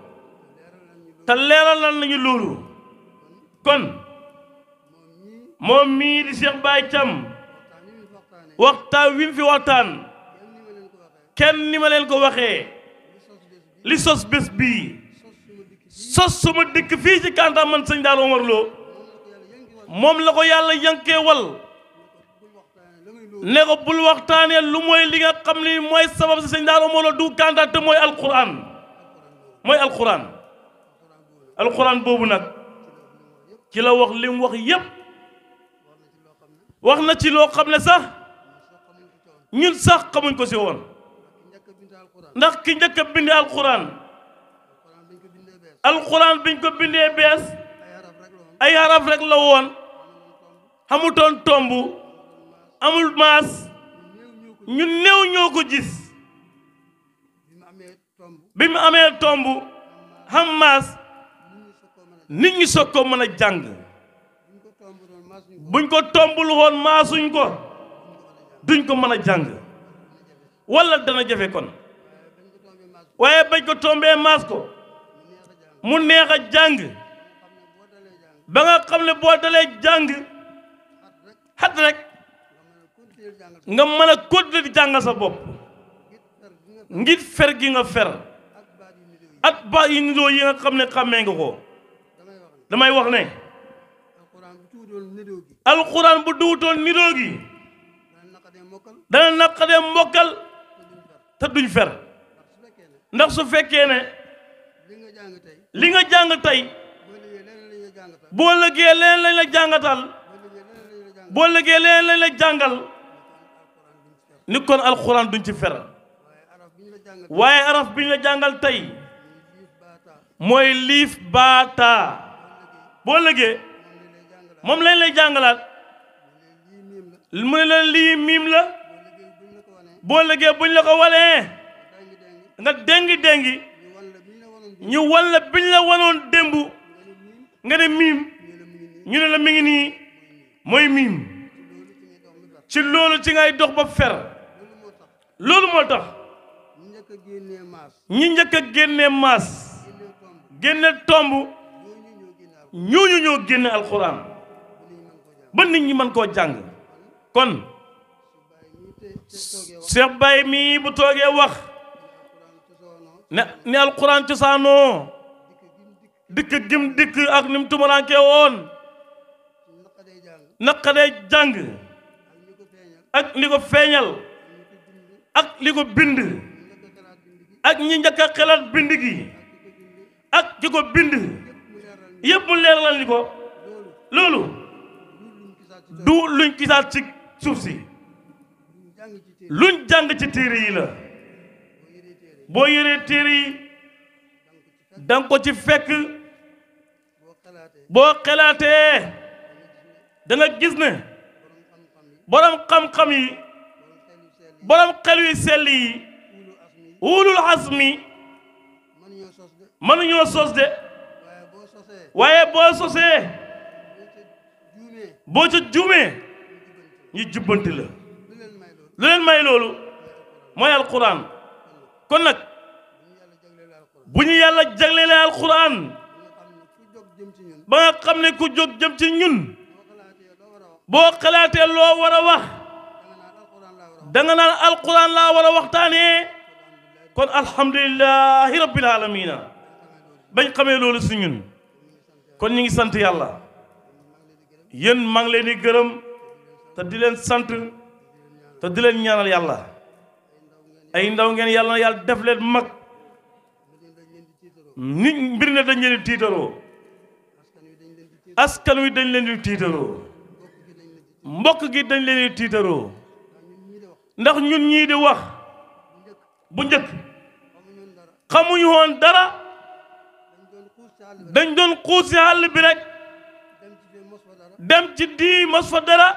te leeralal nañu loolu kon moom mii di Cheikh Baye Thiam waxtaan wi fi waxtaan kenn ni ma leen ko waxee li sos bés bii sos suma dëkk fii ci Kanta man sëñ Daara Omar Lo moom la ko yàlla yankeewal ne ko bul waxtaanee lu mooy li nga xam ni mooy sabab si sëñ Daara moo la du kantaa te mooy alquran mooy alxuraan alquran boobu nag ci la wax li wax yépp wax na ci loo xam ne sax ñun sax xamuñ ko si woon ndax ki njëkk a bindee alquran alquran biñ ko bindee bees ay xaraf rek la woon xamutoon tomb amul maas ñu new ñoo ko gis bi mu amee tomb xam maas nit ñi soog ko mën a jàng buñ ko tombul woon maasuñ ko duñ ko mën a jàng walla dana jafe kon waaye bañ ko tombee maas ko mu neex a jàng ba nga xam ne boo dalee jàng xat rek nga mën a continuer di jàngal sa bopp ngir fer gi nga fer at ba yu nidoo yi nga xam ne xàmmee nga ko damay wax ne alxuraan bu duwutoon nidoo gi dana naqadee mbokkal te duñ fer ndax su fekkee ne li nga jàng tey boo lëggee leen lañ la jàngatal boo lëgee leen lañ la jàngal ni kon alxuraan duñ ci fer waaye araf bi ñu la jàngal tey mooy liif baataa boo lëgee moom lañ lay jàngalaat mu ne la lii miim la boo lëgee buñ la ko walee nga déngi-déngi ñu wan la biñ la wanoon démb nga miim ñu ne la mi ngi nii moy miim ci loolu ci ngay dox ba fer loolu moo tax ñi njëkk a génnee maas génne tomb ñooñu ñoo génne alxuraan ba nit ñi mën koo jàng kon Cheikh Baye mii bu toogee wax ne ne alxuraan cosaanoo dikk gim dikk ak ni tumuraankee woon naqaree jàng ak li ko feeñal ak li ko bind ak ñi njëkk xelaat bind gi ak ci ko bind yëpp mu leeral ni ko loolu du luñ gisaat ci suuf si luñ jàng ci téere yi la boo yoree téere yi danga ko ci fekk boo xelaatee da nga gis ne borom xam-xam yi borom xel yu sell yi wulul asmi mënuñoo sos de waaye boo sosee boo ca juumee ñu jubbanti la lu leen may loolu mooy alquran kon nag bu ñu yàlla jaglelee alquran ba nga xam ne ku jóg jëm ci ñun boo xalaatee loo war a wax danga naan alquran laa war a waxtaanee kon alhamdulilahi rabbil alamina bañ xamee loolu si ñun kon ñu ngi sant yàlla yéen maa ngi leen di gërëm te di leen sant te di leen ñaanal yàlla ay ndaw ngeen yàlla na yàlla def leen mag nit mbir ne dañ leen di tiitaroo askan wi dañ leen di tiitaroo mbokk gi dañ leen di tiitaroo ndax ñun ñii di wax bu njëkk xamuñu woon dara dañ doon xuus si àll bi rek dem ci dii mos fa dara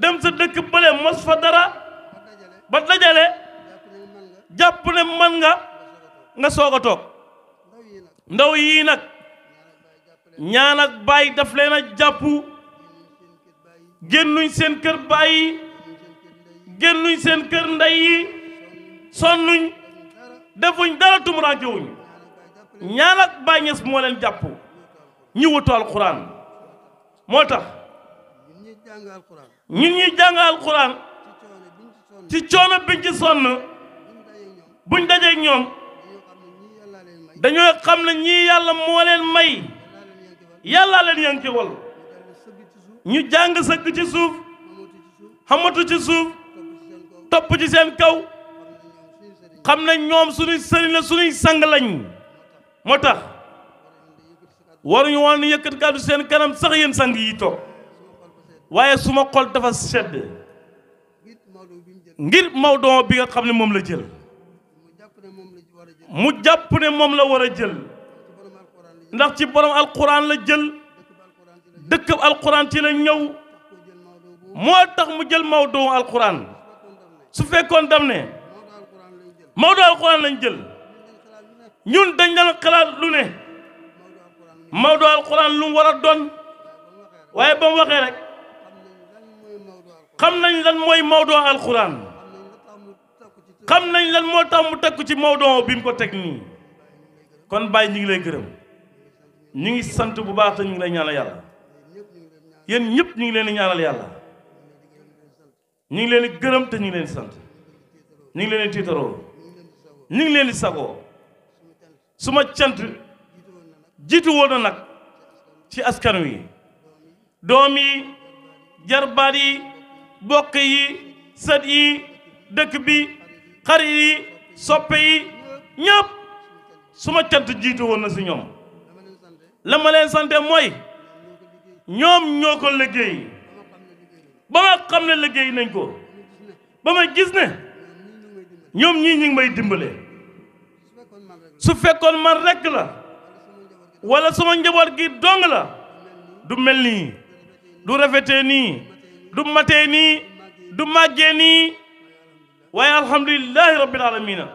dem sa dëkk bële mos fa dara ba dajale jàpp ne man nga nga soog a toog ndaw yii nag ñaan ak bàyyi daf leen a jàpp génnuñ seen kër baay yi génnuñ seen kër ndey yi sonnuñ defuñ dara tumuraakewuñ ñaan ak Baay Ñas moo leen jàpp ñu wutu alxuraan moo tax ñun ñuy jàng alxuraan ci coono biñ ci sonn buñ dajeeg ñoom dañoo xam na ñii yàlla moo leen may yàllaa leen ñu jàng sëgg ci suuf xamatu ci suuf topp ci seen kaw xam ne ñoom suñuy sëriñ la suñuy sang lañ moo tax waruñu woon yëkkat kàddu seen kanam sax yéen sang yi toog waaye su ma xol dafa sedd ngir Maodo bi nga xam ne moom la jël mu jàpp ne moom la war a jël ndax ci borom alquran la jël dëkk alxuraan ci la ñëw moo tax mu jël mawduu alquran su fekkoon dam ne mawduu alquran lañ jël ñun dañ daan xalaat lu ne mawduu alquran lu mu war a doon waaye ba mu waxee rek xam nañ lan mooy mawduu alquran xam nañ lan moo tax mu takku ci mawduu bi mu ko teg nii kon bàyyi ñu ngi lay gërëm ñu ngi sant bu baax te ñu ngi lay ñaanal yàlla. yéen ñëpp ñu ngi leen di yàlla ñu ngi leen di gërëm te ñu leen sant ñu ngi leen di tiitaroo ñu ngi leen di sagoo suma cant jiitu woon na nag ci askan wi doom yi jarbaat yi bokk yi sët yi dëkk bi xarit yi soppe yi ñëpp suma cant jiitu woon na si ñoom la ma mooy ñoom ñoo ko liggéey ba ma xam ne liggéey nañ ko ba ma gis ne ñoom ñii ñu ngi may dimbale su fekkoon man rekk la walla sama njaboot gi dong la du mel nii du rafetee nii du matee nii du màggee nii waaye alhamdulilahi rabbil alamina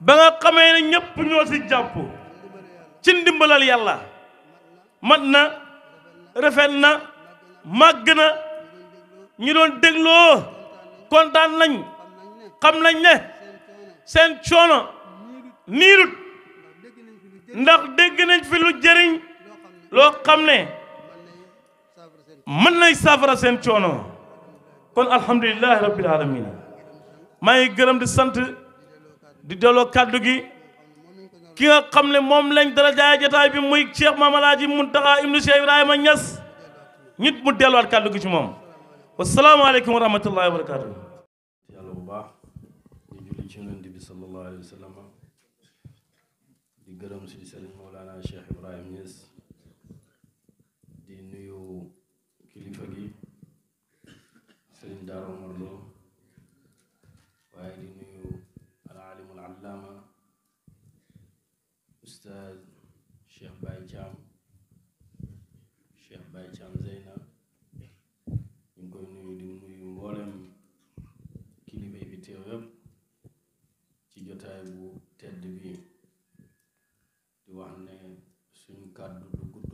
ba nga xamee ne ñépp ñoo ci jàpp ci ndimbalal yàlla mat na rafet na màgg na ñu doon dégloo kontaan nañ xam nañ ne seen coono niirut ndax dégg nañ fi lu jëriñ loo xam ne mën nay saafara seen coono kon alhamdulilahi rabbil alamin maa ngi gërëm di sant di delloo kàddu gi ki nga xam ne moom lañ dara jaay jataay bi muy Cheikh Mame Alhaji Mountakha Ibnu Cheikh Ibrahima Niass nit mu delluwaat kàddu gi ci moom wasalaamaaleykum wa rahmatullahi wa barakaatu. bu baax di julli ci yonent bi wa sallam di nuyu kilifa gi sëriñ Daara Oustaz Cheikh Baye Thiam Cheikh Baye Thiam Zeyna ñu ngi koy nuyu di nuyu mboolem kilifa yi teew yépp ci jotaay bu tedd bi di wax ne suñ kàddu du gudd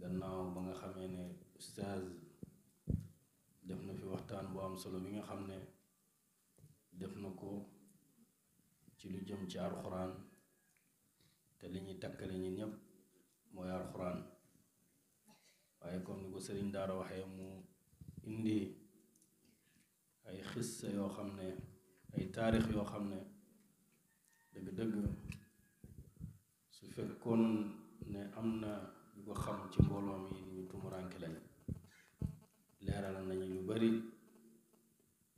gannaaw ba nga xamee ne Oustaz def na fi waxtaan bu am solo bi nga xam ne def na ko ci lu jëm ci alxuraan te li ñuy takkale ñun ñëpp mooy alxuraan waaye comme ni ko sëriñ daara waxee mu indi ay xissa yoo xam ne ay taarix yoo xam ne dëgg-dëgg su fekkoon ne am na ñu ko xam ci mbooloo mi ñu tumuranke lañ leeral nañu lu bari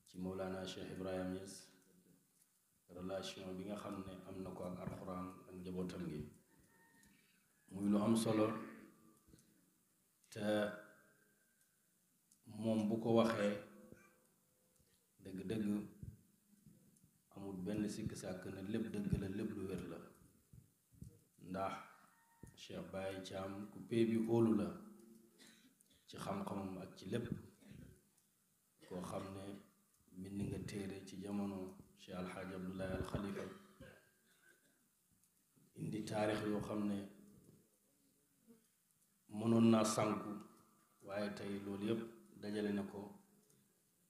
ci Mawlana Cheikh Ibrahim Niass relation bi nga xam ne am na ko ak alxuraan njabootam gi muy lu am solo te moom bu ko waxee dëgg-dëgg amul benn sikk sàkk na lépp dëgg la lépp lu wér la ndax Cheikh Baye Thiam ku pee bi xóolu la ci xam-xamam ak ci lépp koo xam ne bind nga téere ci jamono Cheikh Alxaaji Abdoulaye Al Khalifa indi taarix yoo xam ne mënoon naa sànku waaye tey loolu yépp dajale na ko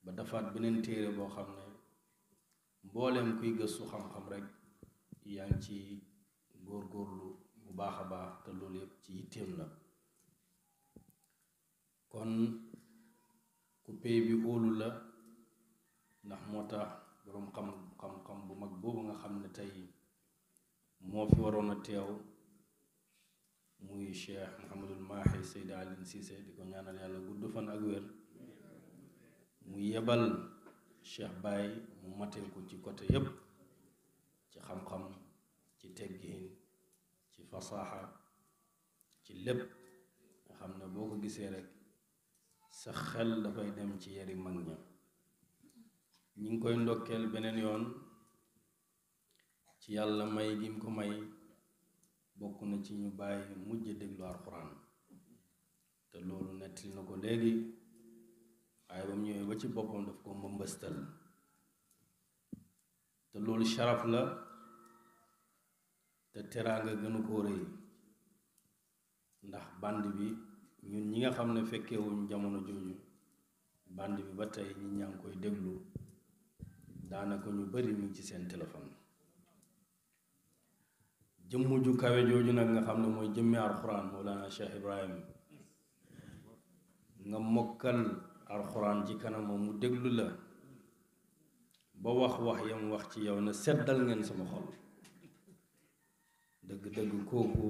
ba dafaat beneen téere boo xam ne mbooleem kuy gëstu xam-xam rek yaa ngi ci góorgóorlu bu baax a baax te loolu yépp ci yitteem la kon ku pay bi óolu la ndax moo tax boroom xam xam-xam bu mag boobu nga xam ne tey moo fi waroon a teew muy Cheikh Mouhamadul Mahi Seydi Alioune Cissé di ko ñaanal yàlla gudd fan ak wér mu yebal Cheikh Baye mu matee ko ci côté yépp ci xam-xam ci teggiin ci fasaaxa ci lépp nga xam ne boo ko gisee rek sa xel dafay dem ci yari mag ña ñi ngi koy ndokkeel beneen yoon ci yàlla may gi mu ko may bokk na ci ñu bàyyi mujj déglu alxuraan te loolu nettali na ko léegi waaye ba mu ñëwee ba ci boppam daf ko mbëmbëstal te loolu sharaf la te teraanga gënu koo rëy ndax band bi ñun ñi nga xam ne fekkewuñ jamono jooju bànd bi ba tey ñi ñaa ngi koy déglu daanaka ñu bari mu ci seen téléphone jëmm ju kawe jooju nag nga xam ne mooy jëmmi alxuraan Mawlana Cheikh Ibrahim nga mokkal alxuraan ci kanamam mu déglu la ba wax wax yam wax ci yow ne seddal ngeen sama xol dëgg-dëgg kooku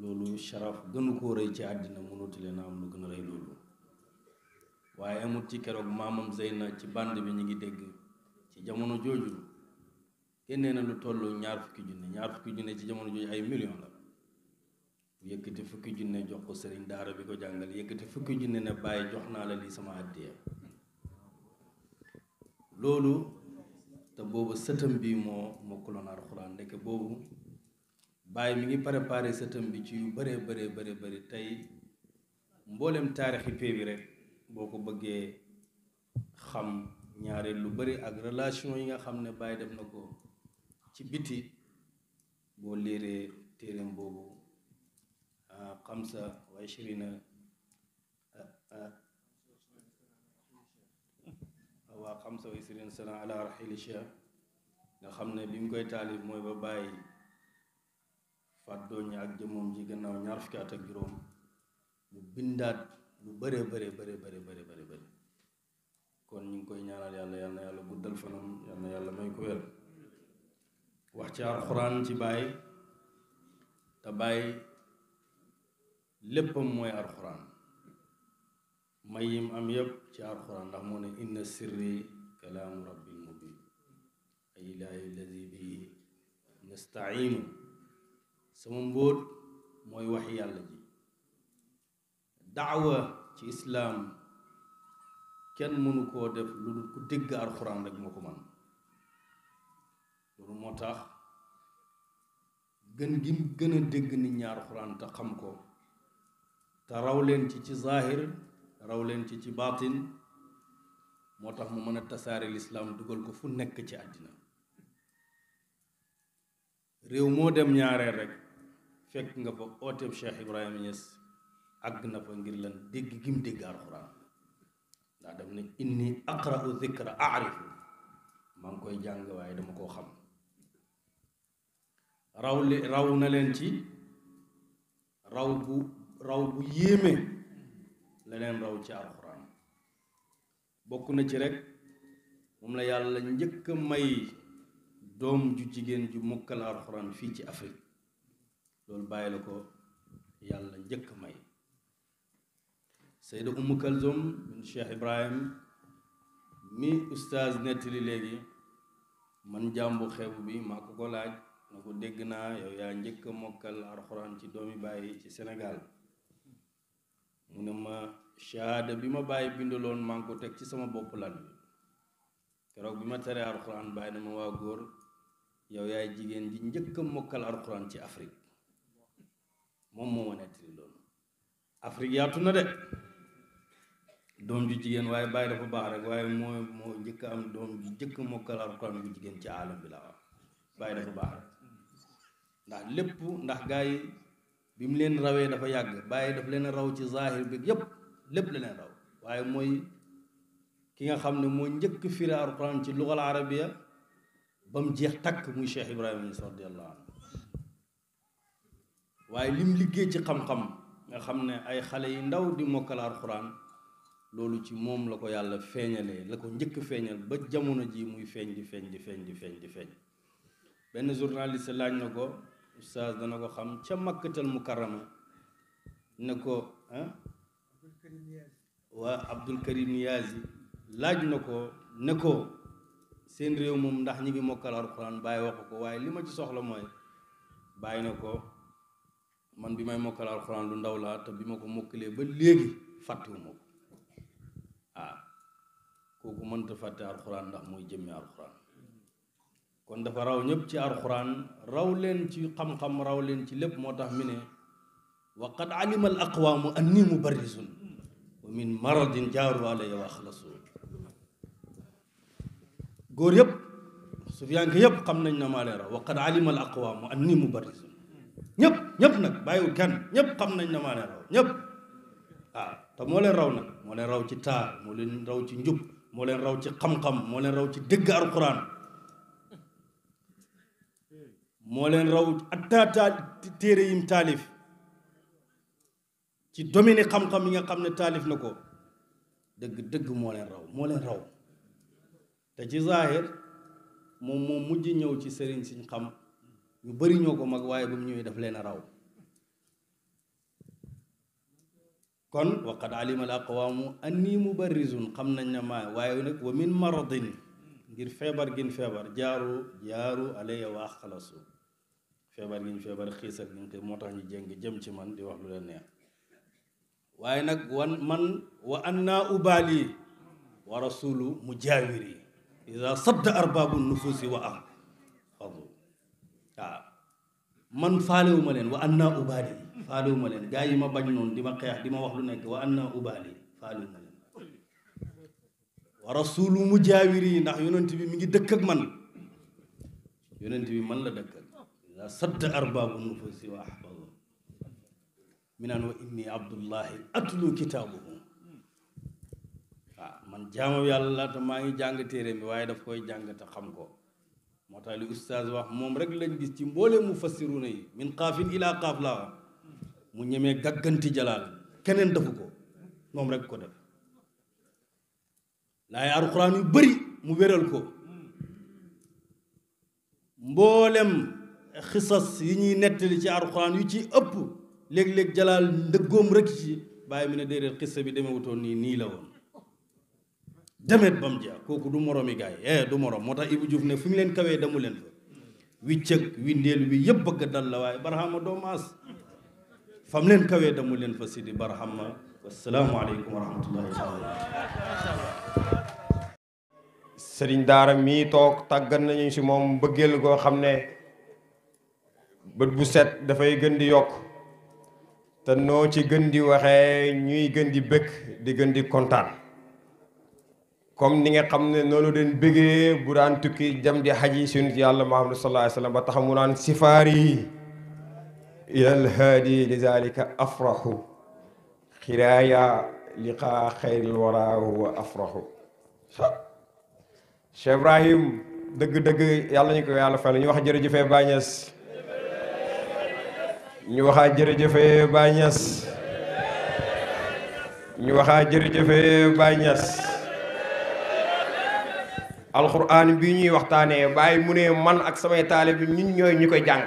loolu sharaf gënu koo rëy ci àddina mënut leen am lu gën a rëy loolu waaye amut ci keroog maamam Zeyna ci band bi ñu ngi dégg ci jamono jooju. génnee na lu toll ñaar fukki junne ñaar fukki junne ci jamono jooju ay million la yëkkati fukki junne jox ko sëriñ daara bi ko jàngal yëkkati fukki junne ne bàyyi jox naa la lii sama àddiya loolu te boobu sëtam bi moo mokkuloon alxuraan ndeke boobu bàyyi mi ngi préparé sëtam bi ci yu bëree bëree bëri bëri tey mboolem taarixi pee bi rek boo ko bëggee xam ñaareel lu bëri ak relation yi nga xam ne bàyyi def na ko ci biti boo léeree téereem boobu xamsa wa ishirina waa xamsa wa ishirina sana ala raxili nga xam ne bi mu koy taalif mooy ba bàyyi fàddooñ ak jëmoom ji gannaaw ñaar fukki at ak juróom mu bindaat lu bare bare bare bare bare bare kon ñu ngi koy ñaanal yàlla yàlla yàlla guddal fanam yàlla mooy may ko wax ci alxuraan ci baay te baay léppam mooy alxuraan may yim am yépp ci alxuraan ndax moo ne inna sirri kalaamu rabbil mubin ay ilaahi alladi bihi nastainu sama mbóot mooy wax yàlla ji daawa ci islaam kenn mënu koo def lu dul ku dégg alxuraan rek moo ko man loolu moo tax gën gi gën a dégg nit ñi alxuraan te xam ko te raw leen ci ci zahir raw leen ci ci baatin moo tax mu mën a tasaare lislaam dugal ko fu nekk ci àddina réew moo dem ñaareel rek fekk nga fa ooteeb Cheikh Ibrahima Niass àgg na fa ngir lan dégg gim dégg alxuraan ndax daf ne inni aqra'u dhikra a'rifu maa ngi koy jàng waaye dama koo xam raw raw na leen ci raw bu raw bu yéeme la leen raw ci alxuraan bokk na ci rek moom la yàlla njëkk a may doom ju jigéen ju mokkal alxuraan fii ci Afrique loolu bàyyi la ko yàlla njëkk a may Sayda Umm Kalsum bin Ibrahim mi oustaz nettali léegi man jàmbu xeebu bi maa ko ko laaj nako deg na yow yaa njëkk mokal alquran ci doomi baye ci senegal mu shahada bima baye bindulon ma ko tek ci sama bop lan kérok bima téré alquran baye bàyyi na ma waa góor yow yaay jigen di njëkk mokal alquran ci Afrique mom mo ma nettali loolu Afrique yaatu na de dom ju jigen waaye bàyyi dafa bax rek mo mo am dom ju njëkk mokal alquran ju jigen ci alam bi la wax dafa bax rek ndax lépp ndax gars bi mu leen rawee dafa yàgg bàyyi daf leen raw ci zahir bi yépp lépp la leen raw waaye mooy ki nga xam ne mooy njëkk firi alquran ci lugal arabiya ba mu jeex takk muy cheikh ibrahima Niass radiallahu anhu waaye lim liggéey ci xam-xam nga xam ne ay xale yi ndaw di mokkal alquran loolu ci moom la ko yàlla feeñalee la ko njëkk feeñal ba jamono ji muy feeñ di feeñ di feeñ di feeñ di feeñ benn journaliste laaj na ko oustaz dana ko xam ca makkatal mukarrama ne ko ah waa abdul karim Niazi laaj na ko ne ko seen réew moom ndax ñi ngi mokkal alxuraan bàyyi wax ko waaye li ma ci soxla mooy bàyyi na ko man bi may mokkal alxuraan lu ndaw laa te bi ma ko mokkalee ba léegi fàttewuma ko ah kooku mënta fàtte alxuraan ndax mooy jëmmi alxuraan kon dafa raw ñëpp ci alxuraan raw leen ci xam-xam raw leen ci lépp moo tax mi ne wa qad alima al aqwaamu anni mubarrisun wa min maradin jaaru alayya wa axlasu góor yëpp sufiyanke yëpp xam nañ na maa leen raw wa qad alima al aqwaamu anni mubarrisun ñëpp ñëpp nag bàyyiwul kenn ñëpp xam nañ na maa leen raw ñëpp waaw te moo leen raw nag moo leen raw ci taar moo leen raw ci njub moo leen raw ci xam-xam moo leen raw ci dégg alxuraan moo leen raw attaataal téere yim taalif ci domaine xam-xam yi nga xam ne taalif na ko dëgg dëgg moo leen raw moo leen raw te ci zaahir moom moo mujj ñëw ci sëriñ siñ xam ñu bari ñoo ko mag waaye ba mu ñëwee daf leen a raw kon waqad alima al mu anni mubarrizun xam nañ ne maa waaye nag wa min maradin ngir feebar gin feebar jaaru jaaru alayya waax xalasu feebar gi ñu feebar xiis ak ñu moo tax ñu jéng jem ci man di wax lu leen neex waaye nag wan man wa anna ubaali wa rasulu mujawiri ida sadd arbaabu nufusi wa am ah, fadl waaw man faalewuma leen wa anna ubali faalewuma leen gaa yi ma bañ noonu di ma wax lu nekk wa anna ubali nax leen bi mi ngi dëkk man yonent bi man dëkk la sadd arbaabu nufuusi wa ahbaabu mi naan wa inni abdullahi atlu kitaabuhu waaw man jaamu yàlla la te maa ngi jàng téere bi waaye daf koy jàng te xam ko moo tax li ustaaz wax moom rek lañ gis ci mboolee mu fassiruna yi min xaafin ilaa xaaf laa wax mu ñemee gàgganti jalaal keneen defu ko moom rek ko def laay alxuraan yu bëri mu wéral ko mboolem xisas yi ñuy nettali ci alxuraan yu ci ëpp léeg-léeg jalaal ndëggoom rek ci bàyyi mu ne déedéet xissa bi demewutoon nii nii la woon demet ba mu kooku du moroomi gaay eh du moroom moo tax Ibou Diouf ne fu ñu leen kawee damu leen fa wiccëg windeel wi yëpp bëgg dal la waaye barahama doo maas fam leen kawee damu leen fa sidi barahama wasalaamualeykum wa rahmatullahi taala sëriñ daara mii toog tàggat nañu si moom mbëggeel goo xam ne bët bu set dafay gën di yokk te noo ci gën di waxee ñuy gën di bëgg di gën di kontaan comme ni nga xam ne noonu den bëggee bu daan tukki jam di xaji sunnit yàlla Muhammad sallallahu ba tax mu naan sifaari ilal haadi li zalika afraxu xiraaya liqaa xayril wara wa afrahu Cheikh Ibrahim dëgg-dëgg yàlla ñu ko yàlla fay ñu wax jërëjëfee Baay Ñas ñu waxaa jërëjëfe Baay ñass ñu waxaa jërëjëfe Baay ñass alquran bi ñuy waxtaanee bàyyi mu man ak samay talib ñun ñoy ñukoy koy jàng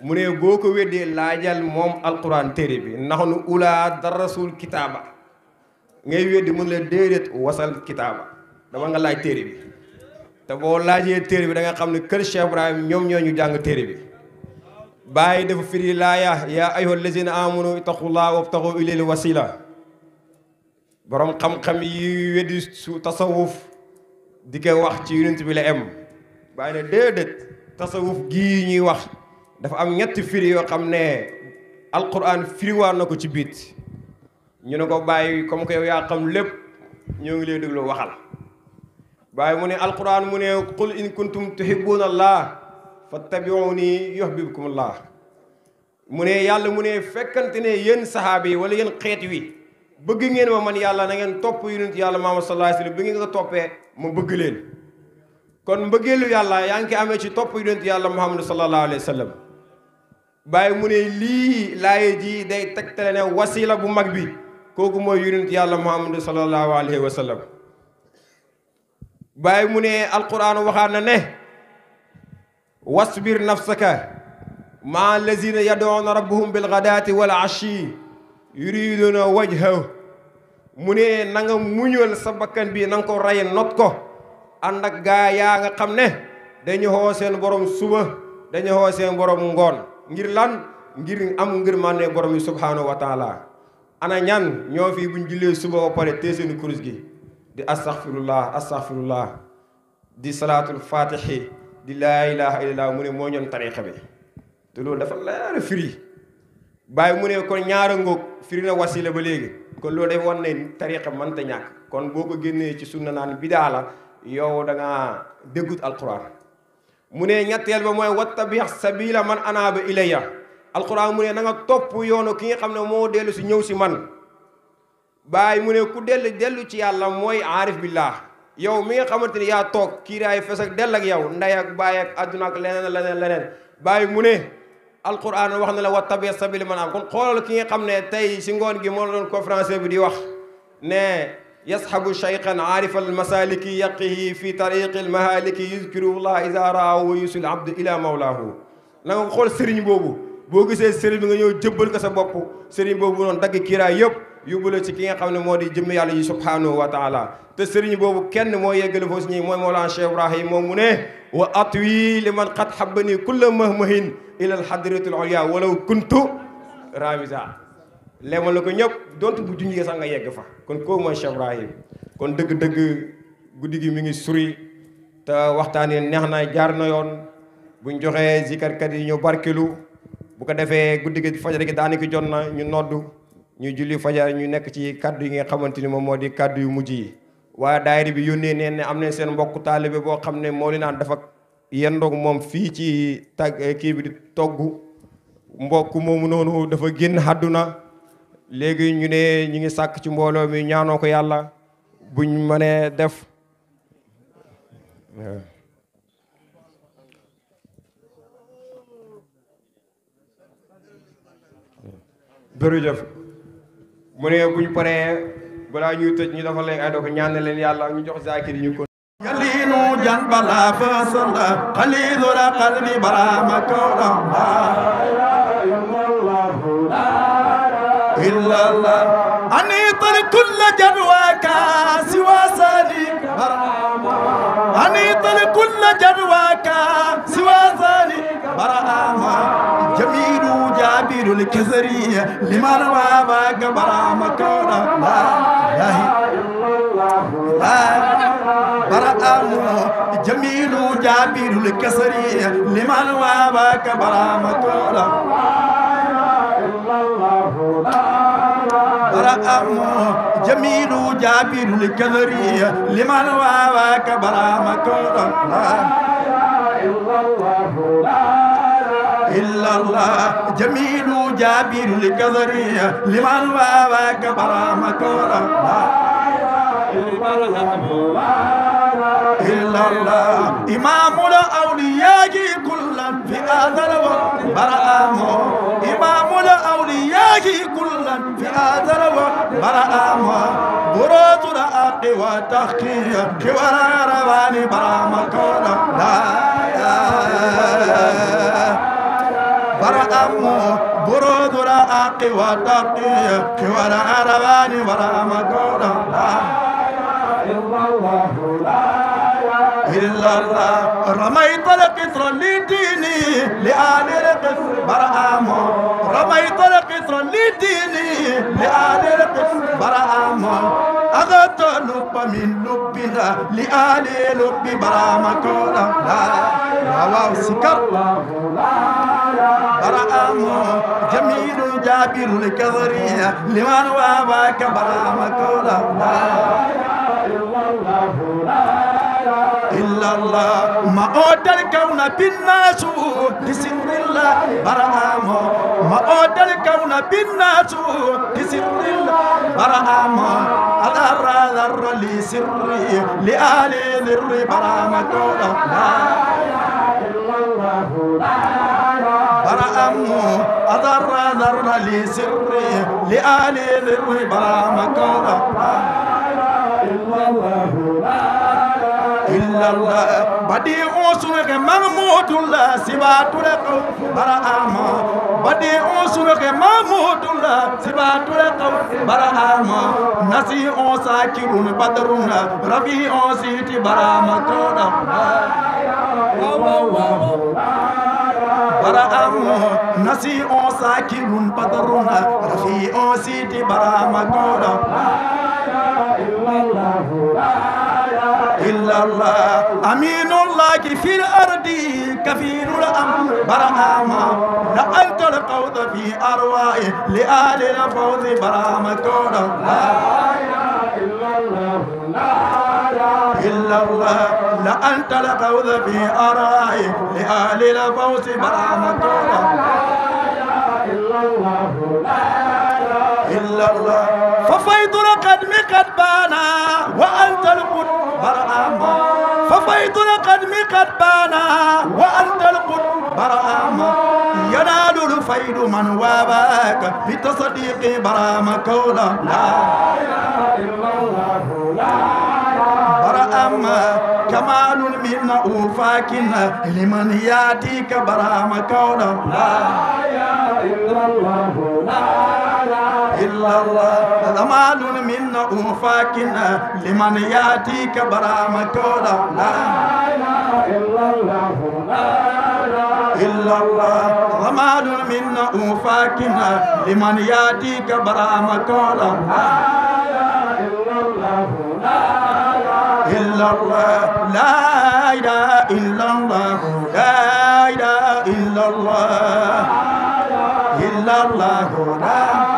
mu ne boo ko lajal mom bi nahnu ula darasul kitaba, ngay weddi mun le dédét wasal kitaba, dama nga laj téré bi té bo lajé téré bi da nga kër Cheikh Ibrahim ñom ñoy ñu jang téré bi bàyyi dafa firi laaya yaa ayyuha allazina amanu ittaqullaha wabtagu ilal wasila boroom xam-xam yi weddi su tasawuf di ko wax ci yonent bi la em bàyyi ne déedéet tasawuf gii ñuy wax dafa am ñetti firi yoo xam ne alquran firiwaar na ko ci biit ñu ne ko bàyyi comme que yow yaa xam lépp ñoo ngi lay déglu waxal bàyyi mu ne alquran mu ne qul in kuntum tuhibbuna allah فاتبعوني يحببكم الله مني يالا مني فكنتني ين صحابي ولا ين قيتوي بغي نين ومان يالا نين توب يونت يالا ما صلى الله عليه وسلم بغي نين توب مو بغي لين كون بغي لو يالا يانكي امي تي توب يونت يالا محمد صلى الله عليه وسلم باي مني لي لاي جي داي تكتلنا وسيله بو ماغبي كوكو مو يونت يالا محمد صلى الله عليه وسلم باي مني القران وخانا نه wasbir nafsaka maa allazina yadoona rabbahum bilgadaati wal ashi yuriduna wajhahu mu ne na nga muñal sa bakkan bi na ko rey not ko ànd ak gaa yaa nga xam ne dañu xoo seen borom suba dañu xoo seen borom ngoon ngir lan ngir am ngir mànne borom yi subhaanahu wa taala ana ñan ñoo fii buñ jullee suba ba pare tee kurus gi di astaghfirullah astaghfirullah di salaatul fatihi di laa ilaha illallah mu ne moo ñoon tariqa bi te loolu dafa leer firi bàyyi mu ne ñaara ngoog firi na wasila ba léegi kon loolu day wan ne tariqa mënta ñàkk kon boo ko génnee ci sunna naan bidaa la yow da ngaa déggut alquran mu ne ba mooy wattabi sabila man anaaba ilayya alquran mu ne na nga topp yoonu ki nga xam ne moo dellu ñëw si man bàyyi mu ku dellu dellu ci yàlla mooy aarif billah yow mi nga xamante ni yaa toog kiiraay fes ak dell ak yow ndey ak baay ak adduna ak leneen leneen leneen bàyyi mu ne alquran wax na la wa tabi sabili man kon xoolal ki nga xam tay tey si ngoon gi moo la doon conférencier bi di wax ne yasxabu cheykhan aarifa almasaliki yaqihi fi tariqi almahaliki yuzkirullah ida raahu wa yusul abdu ila mawlaahu na nga xool sëriñ boobu boo gisee sëriñ bi nga ñëw jëbbal ko sa bopp sëriñ boobu noonu yóbbu la ci ki nga xam ne moo di jëmm yàlla yi subhanahu wa taala te sëriñ boobu kenn moo yeggale foofu si ñi mooy Mawlana Cheikh Ibrahim moom mu ne wa atwi liman qad habbani kulla mahmahin ila al hadratil ulya walaw kuntu ramisa leemal la ko ñëpp donte bu junjee sax nga yegg fa kon kooku mooy Cheikh Ibrahim kon dëgg-dëgg guddi gi mi ngi suri te waxtaan yi neex na jaar na yoon buñ joxee zikarkat yi ñu barkelu bu ko defee guddi gi fajar gi daanaka jot na ñu noddu ñu julli fajar ñu nekk ci kàddu yi nga xamante ni moom moo di kàddu yu mujj yi waaye daayira bi yónnee nee ne am na seen mbokk taalibe boo xam ne moo li naan dafa yendoog moom fii ci tag eh, kii bi di togg mbokk moomu noonu dafa génn àdduna léegi ñu ne ñu ngi sàkk ci mbooloo mi ñaanoo ko yàlla buñ mënee def mu ne bu ñu paree balaa ñuy tëj ñu dafa leen ay doog ñaan leen yàlla ñu jox zaakir yi ñu ko قليل جنب لا فصل قليل قلبي برا مكون لا اله الا الله لا الا الله اني طل كل جدواك سوى صديق اني طل كل جدواك سوى صديق برا جميل جابر الكسري لمن وما قبر مكان لا إله إلا برأه جميل جابر الكسري لمن وما قبر مكان برأه جميل جابر الكسري لمن وما قبر مكان لا إله إلا الله الله جميل جابر الكذري لمن واواك برامك ولا إلا الله إلا الله إمام الأولياء كل في هذا الوقت برأمه إمام الأولياء كل في هذا الوقت برأمه بروت الأرض وتحقيق كبر رواني برام كورا لا ورأم برود ورأق ودقي ورأ رواني ورأ مقولا لا إله إلا الله لا للرضا رميت القطر لديني لآل القصر برآم رميت القطر لديني لآل القصر برآم أغطى لب من لبنا لآل لب برآم كولا لا لا وسكر برآم جميل جابر الكذرية لمن واباك برآم كولا لا إله إلا الله لا إلا الله ما أود الكون بالناس بسر الله برهامه ما أود الكون بالناس بسر الله برهامه أذر أذر لي سري لآلي لا إله إلا الله سري لآلي ذري برهامة لا إله إلا الله إلا الله بديع سرك محمود الله سبا ترك برآم بديع سرك محمود الله سبا ترك برآم نسيع ساكر بدرنا ربيع سيت برآم ترد برآم نسيع ساكر بدرنا ربيع سيت برآم ترد لا إله إلا الله إلا الله أمين الله في الأرض كفيل الأمر برهاما أنت القوض في أرواحي لآل الفوز برهاما كونا لا إله إلا الله لا إله إلا الله لأنت القوض في أرواحي لآل الفوز برهاما كونا لا إله إلا الله ففيض القدم قد بانا وأنت القد برآم ففيض القدم قد بانا وأنت القد برآم ينال الفيض من واباك بتصديق برام كولا لا إله إلا الله لا برآم كمال منا أوفاكنا لمن ياتيك برام كولا لا إله إلا الله لا إلا الله زمان من أوفاكنا لمن يأتيك برام كورا لا إله إلا الله لا إلا الله زمان من أوفاكنا لمن يأتيك برام كورا لا إله إلا الله لا إلا الله لا إله إلا الله لا إله إلا الله إلا الله لا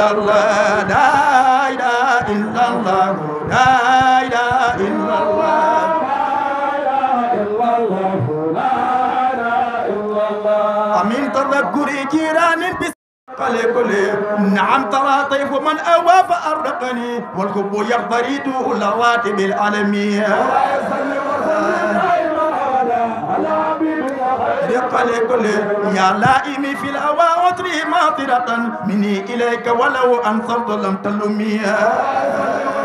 إلا الله لا إله إلا الله لا إله إلا الله نعم ترى طيف من أوى فأرقني والحب يقضي له الله يسلم يا لائمي في الهوى وطري ماطرة مني إليك ولو أنصرت لم تلمي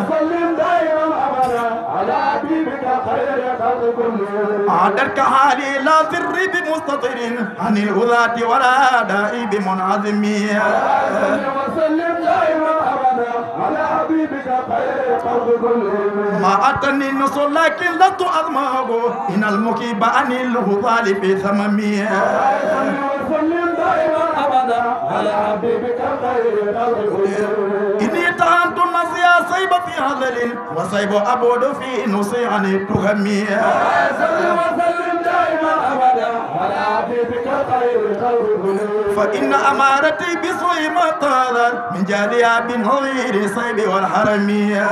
سلم دائما أبدا على حبيبك خير خلق كله عدرك حالي لا سر بمستطر عن الهداة ولا دائب يا وسلم دائما ما أتني النصر لكن لست أضمه إن المكيب باني الهضال في ثممي وسلم دائما أبدا على حبيبك خير إني تهنت النصيحة صيب في هذل وصيب أبود في نصيحة تغمي وسلم دائما أبدا على حبيبك خير خلق فإن أمارتي بسوء مطار من جاليا بن هوير صيب والحرمية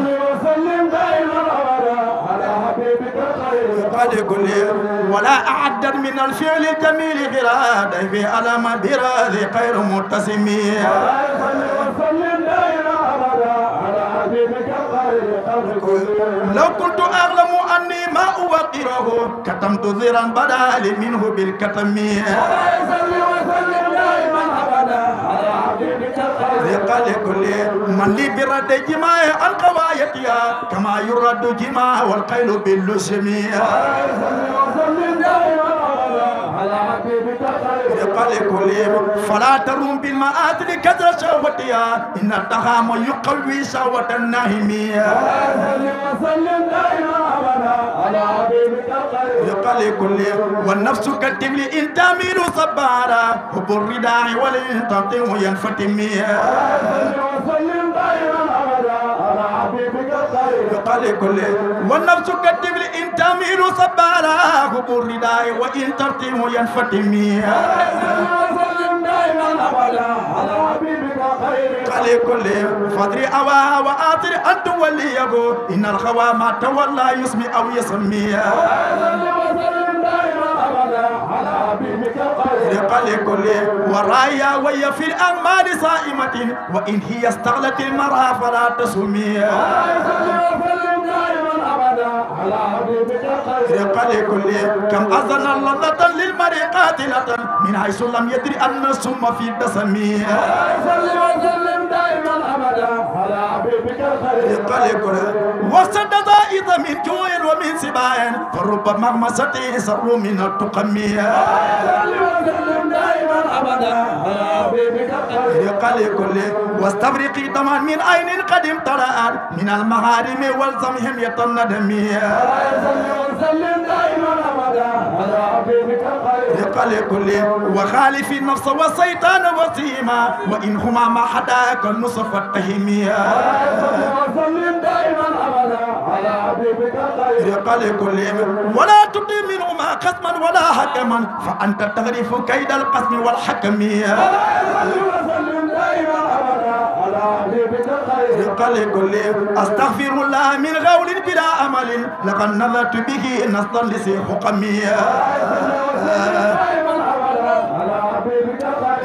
وسلم دائما على حبيبك ولا أعد من الفعل الجميل غير في ألم براذي غير متسمية وسلم دائما لو كنت أعلم أني ما أوقره كتمت زرا بدالي منه بالكتم وصلي وسلم دائما أبدا على حبيبك الخير لكل من لي برد جماع عن قوايتها كما يرد جماع والقيل باللسم وصلي وسلم دائما لكل فلا تروم بالمآت لكثرة شهوتها إن التهام يقوي شهوة النهمية يقال كل والنفس كالتبل إن تميل صبارا حب الرداع والانتقام ينفتمية وسلم دائما الأعمال كله والنفس كالطفل إن تميل صبارا خبر رداء وإن ترتم ينفتم على كل فدري أوا وآتر أنت وليه إن الخوامات والله يسمي أو يسمي خلق لكل ورايا ويا في الأنمال صائمة وإن هي استغلت المرا فلا تسمي رق لكل كم أذن لنة للمرء قاتلة من حيث لم يدري أن السم في دسمي وسلم دائما أبدا يطلق وصدد إذا من جوع ومن سباع فرب مغمسة سر من التقمية يقلق واستبرقي دمان من عين قديم ترى من المهارم والزمهم يطلق دمية وسلم دائما أبدا على حبيبك لقلق وخالف النفس والشيطان وسيما وإنهما ما حداك النصف التهمية وسلم دائما أبدا على حبيبك لقلق ولا تبدي منهما قسما ولا حكما فأنت تغرف كيد القسم والحكمية وسلم دائما أبدا على حبيبك للقلب كل أستغفر الله من غول بلا أمل لقد نظرت به نصا لسيح قميا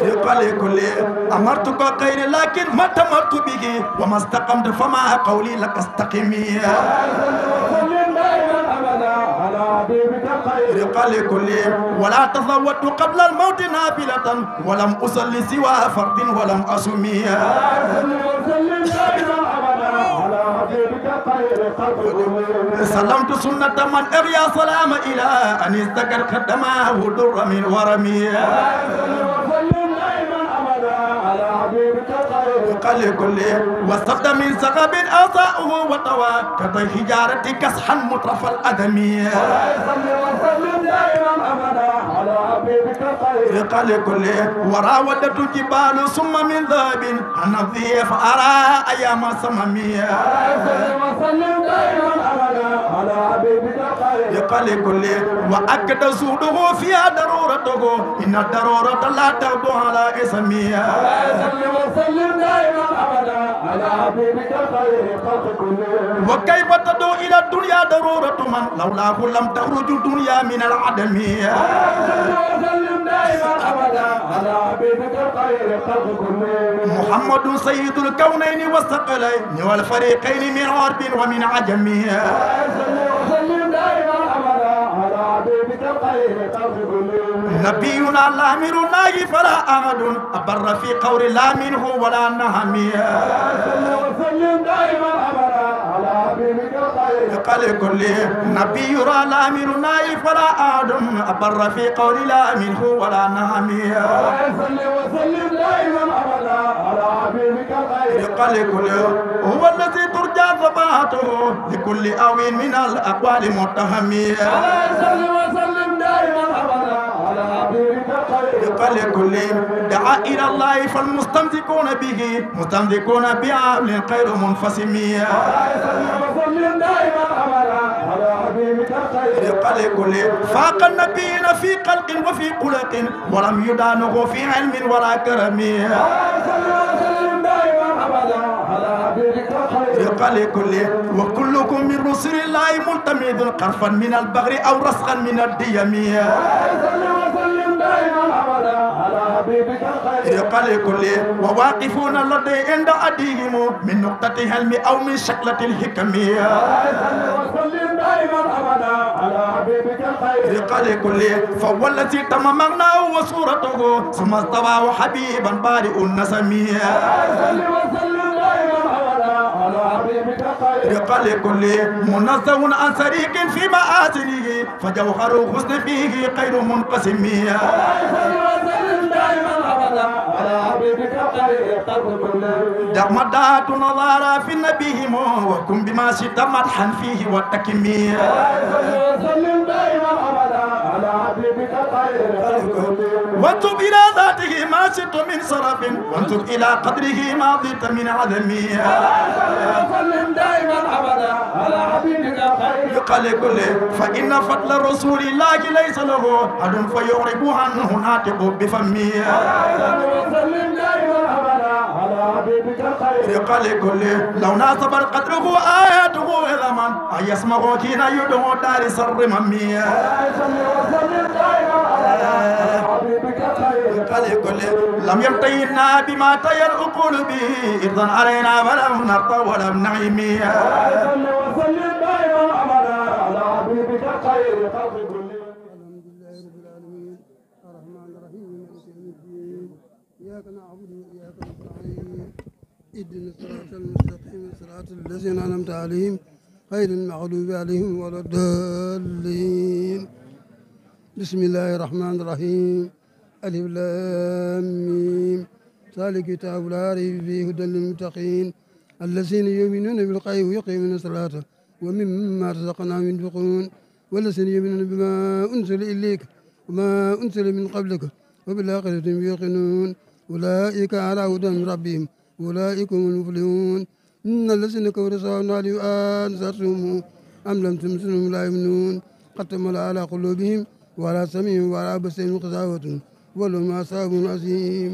لقلب كل أمرتك خير لكن ما تمرت به وما استقمت فما قولي لك استقمي قال كل ولا تزودت قبل الموت نافلة ولم أصلي سوى فرد ولم أسميا سلمت سنة من أغيا سلام إلى أن يستكر قدماه در من ورمي وسلم دائما أبدا على حبيب القلق وصد من سقب أعطاؤه وطوى كطي حجارة كسحا مطرف الأدمية قال كل وراودت جبال ثم من ذهب عن الضيف أرى أيام صممية يقال كل وأكد سوده فيها ضرورته إن الضرورة لا تبدو على اسمية وسلم دائما وكيف تدعو إلى الدنيا ضرورة من لولاه لم تخرج الدنيا من العدم محمد سيد الكونين والثقلين والفريقين من عرب ومن عجم وسلم دائما نبينا لا أمير الله فلا أحد أبر في قول لا منه ولا نهمي وسلم دائما أبدا على حبيبك الخير كل نبي نبينا لا أمير الله فلا آدم أبر في قول لا منه ولا نهمي وسلم وسلم دائما أبدا على حبيبك الخير كل هو الذي ترجى ثباته لكل أوين من الأقوال متهمي وسلم رب دعا إلى الله فالمستمسكون به مستمسكون بعمل خير منفسمية فاق النبيين في قلق وفي قلق ولم يدانه في علم ولا كرم يقال كل وكلكم من رسل الله ملتمد قرفا من البغر او رسخا من الديميه يقلق لي وواقفون لدي عند أديهم من نقطة هلم أو من شكلة الحكمية يقلق لي فهو الذي تم مغناه وصورته ثم استوى حبيبا بارئ النسمية وسلم رقل كل منزه عن سريك في مآسره فجوهر الحسن فيه خير منقسم دمدات نظارا في النبي وكن بما شئت مدحا فيه والتكمية وسلم دائما أبدا على حبيبك خير خلق وانتم إلى ذاته ما شئت من صرف وانتم إلى قدره ما ضيت من عدمه وسلم دائما أبدا على حبيبك خير يقال كل فإن فضل رسول الله ليس له أدم فيعرب عنه ناطق بفمه وسلم دائما أبدا في قلي لكل لو ناصب قدره آياته إذا من أي اسمه كينا يدعو داري سر ممي رق لم يلطينا بما تير أقول به إرضا علينا ولم نرضى ولم نعمي وصل دائما أمنا على حبيبك خير خلق نعبد وإياك نستعين اهدنا الصراط المستقيم صراط الذين أنعمت عليهم غير المغلوب عليهم ولا الضالين بسم الله الرحمن الرحيم ألف لام ميم ذلك كتاب لا ريب فيه هدى للمتقين الذين يؤمنون بالغيب ويقيمون الصلاة ومما رزقناهم ينفقون والذين يؤمنون بما أنزل إليك وما أنزل من قبلك وبالآخرة يوقنون أولئك على هدى من ربهم أولئك هم المفلحون إن الذين كفروا سواء عليهم أنذرتهم أم لم تمسهم لا يؤمنون ختم الله على قلوبهم وعلى سمعهم وعلى أبصارهم قساوة ولهم عذاب عظيم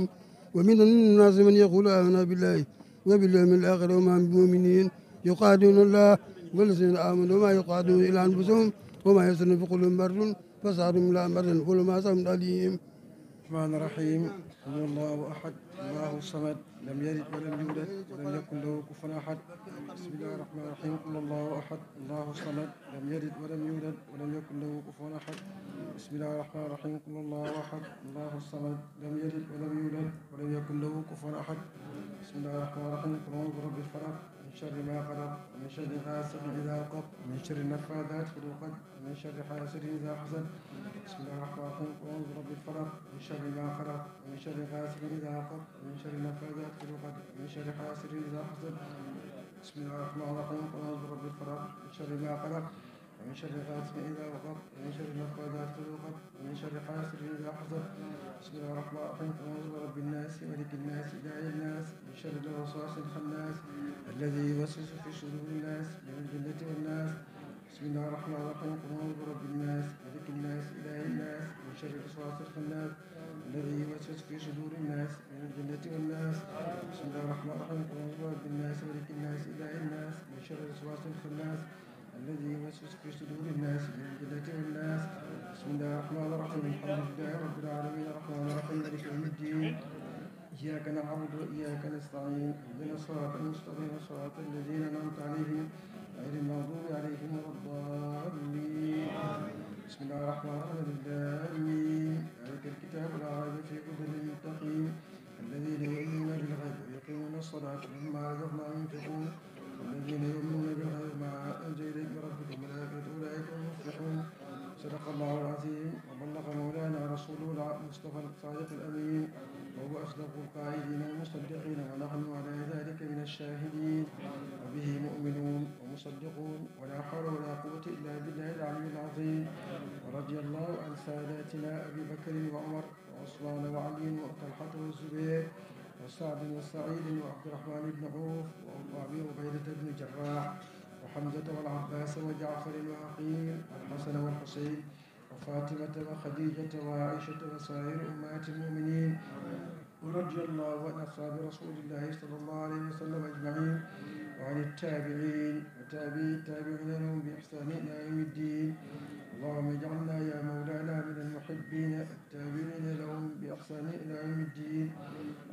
ومن الناس من يقول آمنا بالله وباليوم الآخر وما هم بمؤمنين يقادون الله والذين آمنوا وما يقادون إلا أنفسهم وما يسرون في قلوبهم مرض فصاروا لا مرض ولهم عذاب أليم الرحمن الرحيم قل الله احد الله الصمد لم يلد ولم يولد ولم يكن له كفوا احد بسم الله الرحمن الرحيم قل الله احد الله الصمد لم يلد ولم يولد ولم يكن له كفوا احد بسم الله الرحمن الرحيم قل الله احد الله الصمد لم يلد ولم يولد ولم يكن له كفوا احد بسم الله الرحمن الرحيم قل اعوذ برب الفلق من شر ما خلق من شر حاسد إذا وقب من شر النفاذات في الوقت من شر حاسد إذا حزن بسم الله الرحمن الرحيم أعوذ برب الفرق من شر ما خلق من شر حاسد إذا وقب من شر النفاذات في الوقت من شر حاسد إذا حزن بسم الله الرحمن الرحيم أعوذ برب الفرق من شر ما خلق ومن شر غاسق إذا وقب ومن شر النفاثات في الوقت ومن شر حاسد إذا حضر بسم الله الرحمن الرحيم أعوذ برب الناس ملك الناس داعي الناس من شر الوسواس الخناس الذي يوسوس في صدور الناس من الجنة والناس بسم الله الرحمن الرحيم قل أعوذ برب الناس ملك الناس إله الناس من شر الوسواس الخناس الذي يوسوس في صدور الناس من الجنة والناس بسم الله الرحمن الرحيم قل أعوذ برب الناس ملك الناس إله الناس من شر الوسواس الخناس الذي يمسس في صدور الناس بمنزلة الناس بسم الله الرحمن الرحيم الحمد لله رب العالمين الرحمن الرحيم مالك يوم الدين إياك نعبد وإياك نستعين اهدنا الصراط المستقيم صراط الذين أنعمت عليهم غير المغضوب عليهم ولا الضالين بسم الله الرحمن الرحيم ذلك الكتاب لا ريب فيه هدى للمتقين الذين يؤمنون بالغيب ويقيمون الصلاة مما رزقناهم ينفقون والذين يؤمنون بالغيب ما أصدق القائلين مصدقين ونحن على ذلك من الشاهدين وبه مؤمنون ومصدقون ولا حول ولا قوة إلا بالله العلي العظيم ورضي الله عن ساداتنا أبي بكر وعمر وعثمان وعلي وطلحة والزبير وسعد وسعيد وعبد الرحمن بن عوف وأبي عبيدة بن جراح وحمزة والعباس وجعفر وعقيل والحسن والحسين وفاطمة وخديجة وعائشة وسائر أمهات المؤمنين ونجى الله عن أصحاب رسول الله صلى الله عليه وسلم أجمعين وعن التابعين وتابعي التابعين لهم بإحسان إلى يوم الدين اللهم اجعلنا يا مولانا من المحبين التابعين لهم بإحسان إلى يوم الدين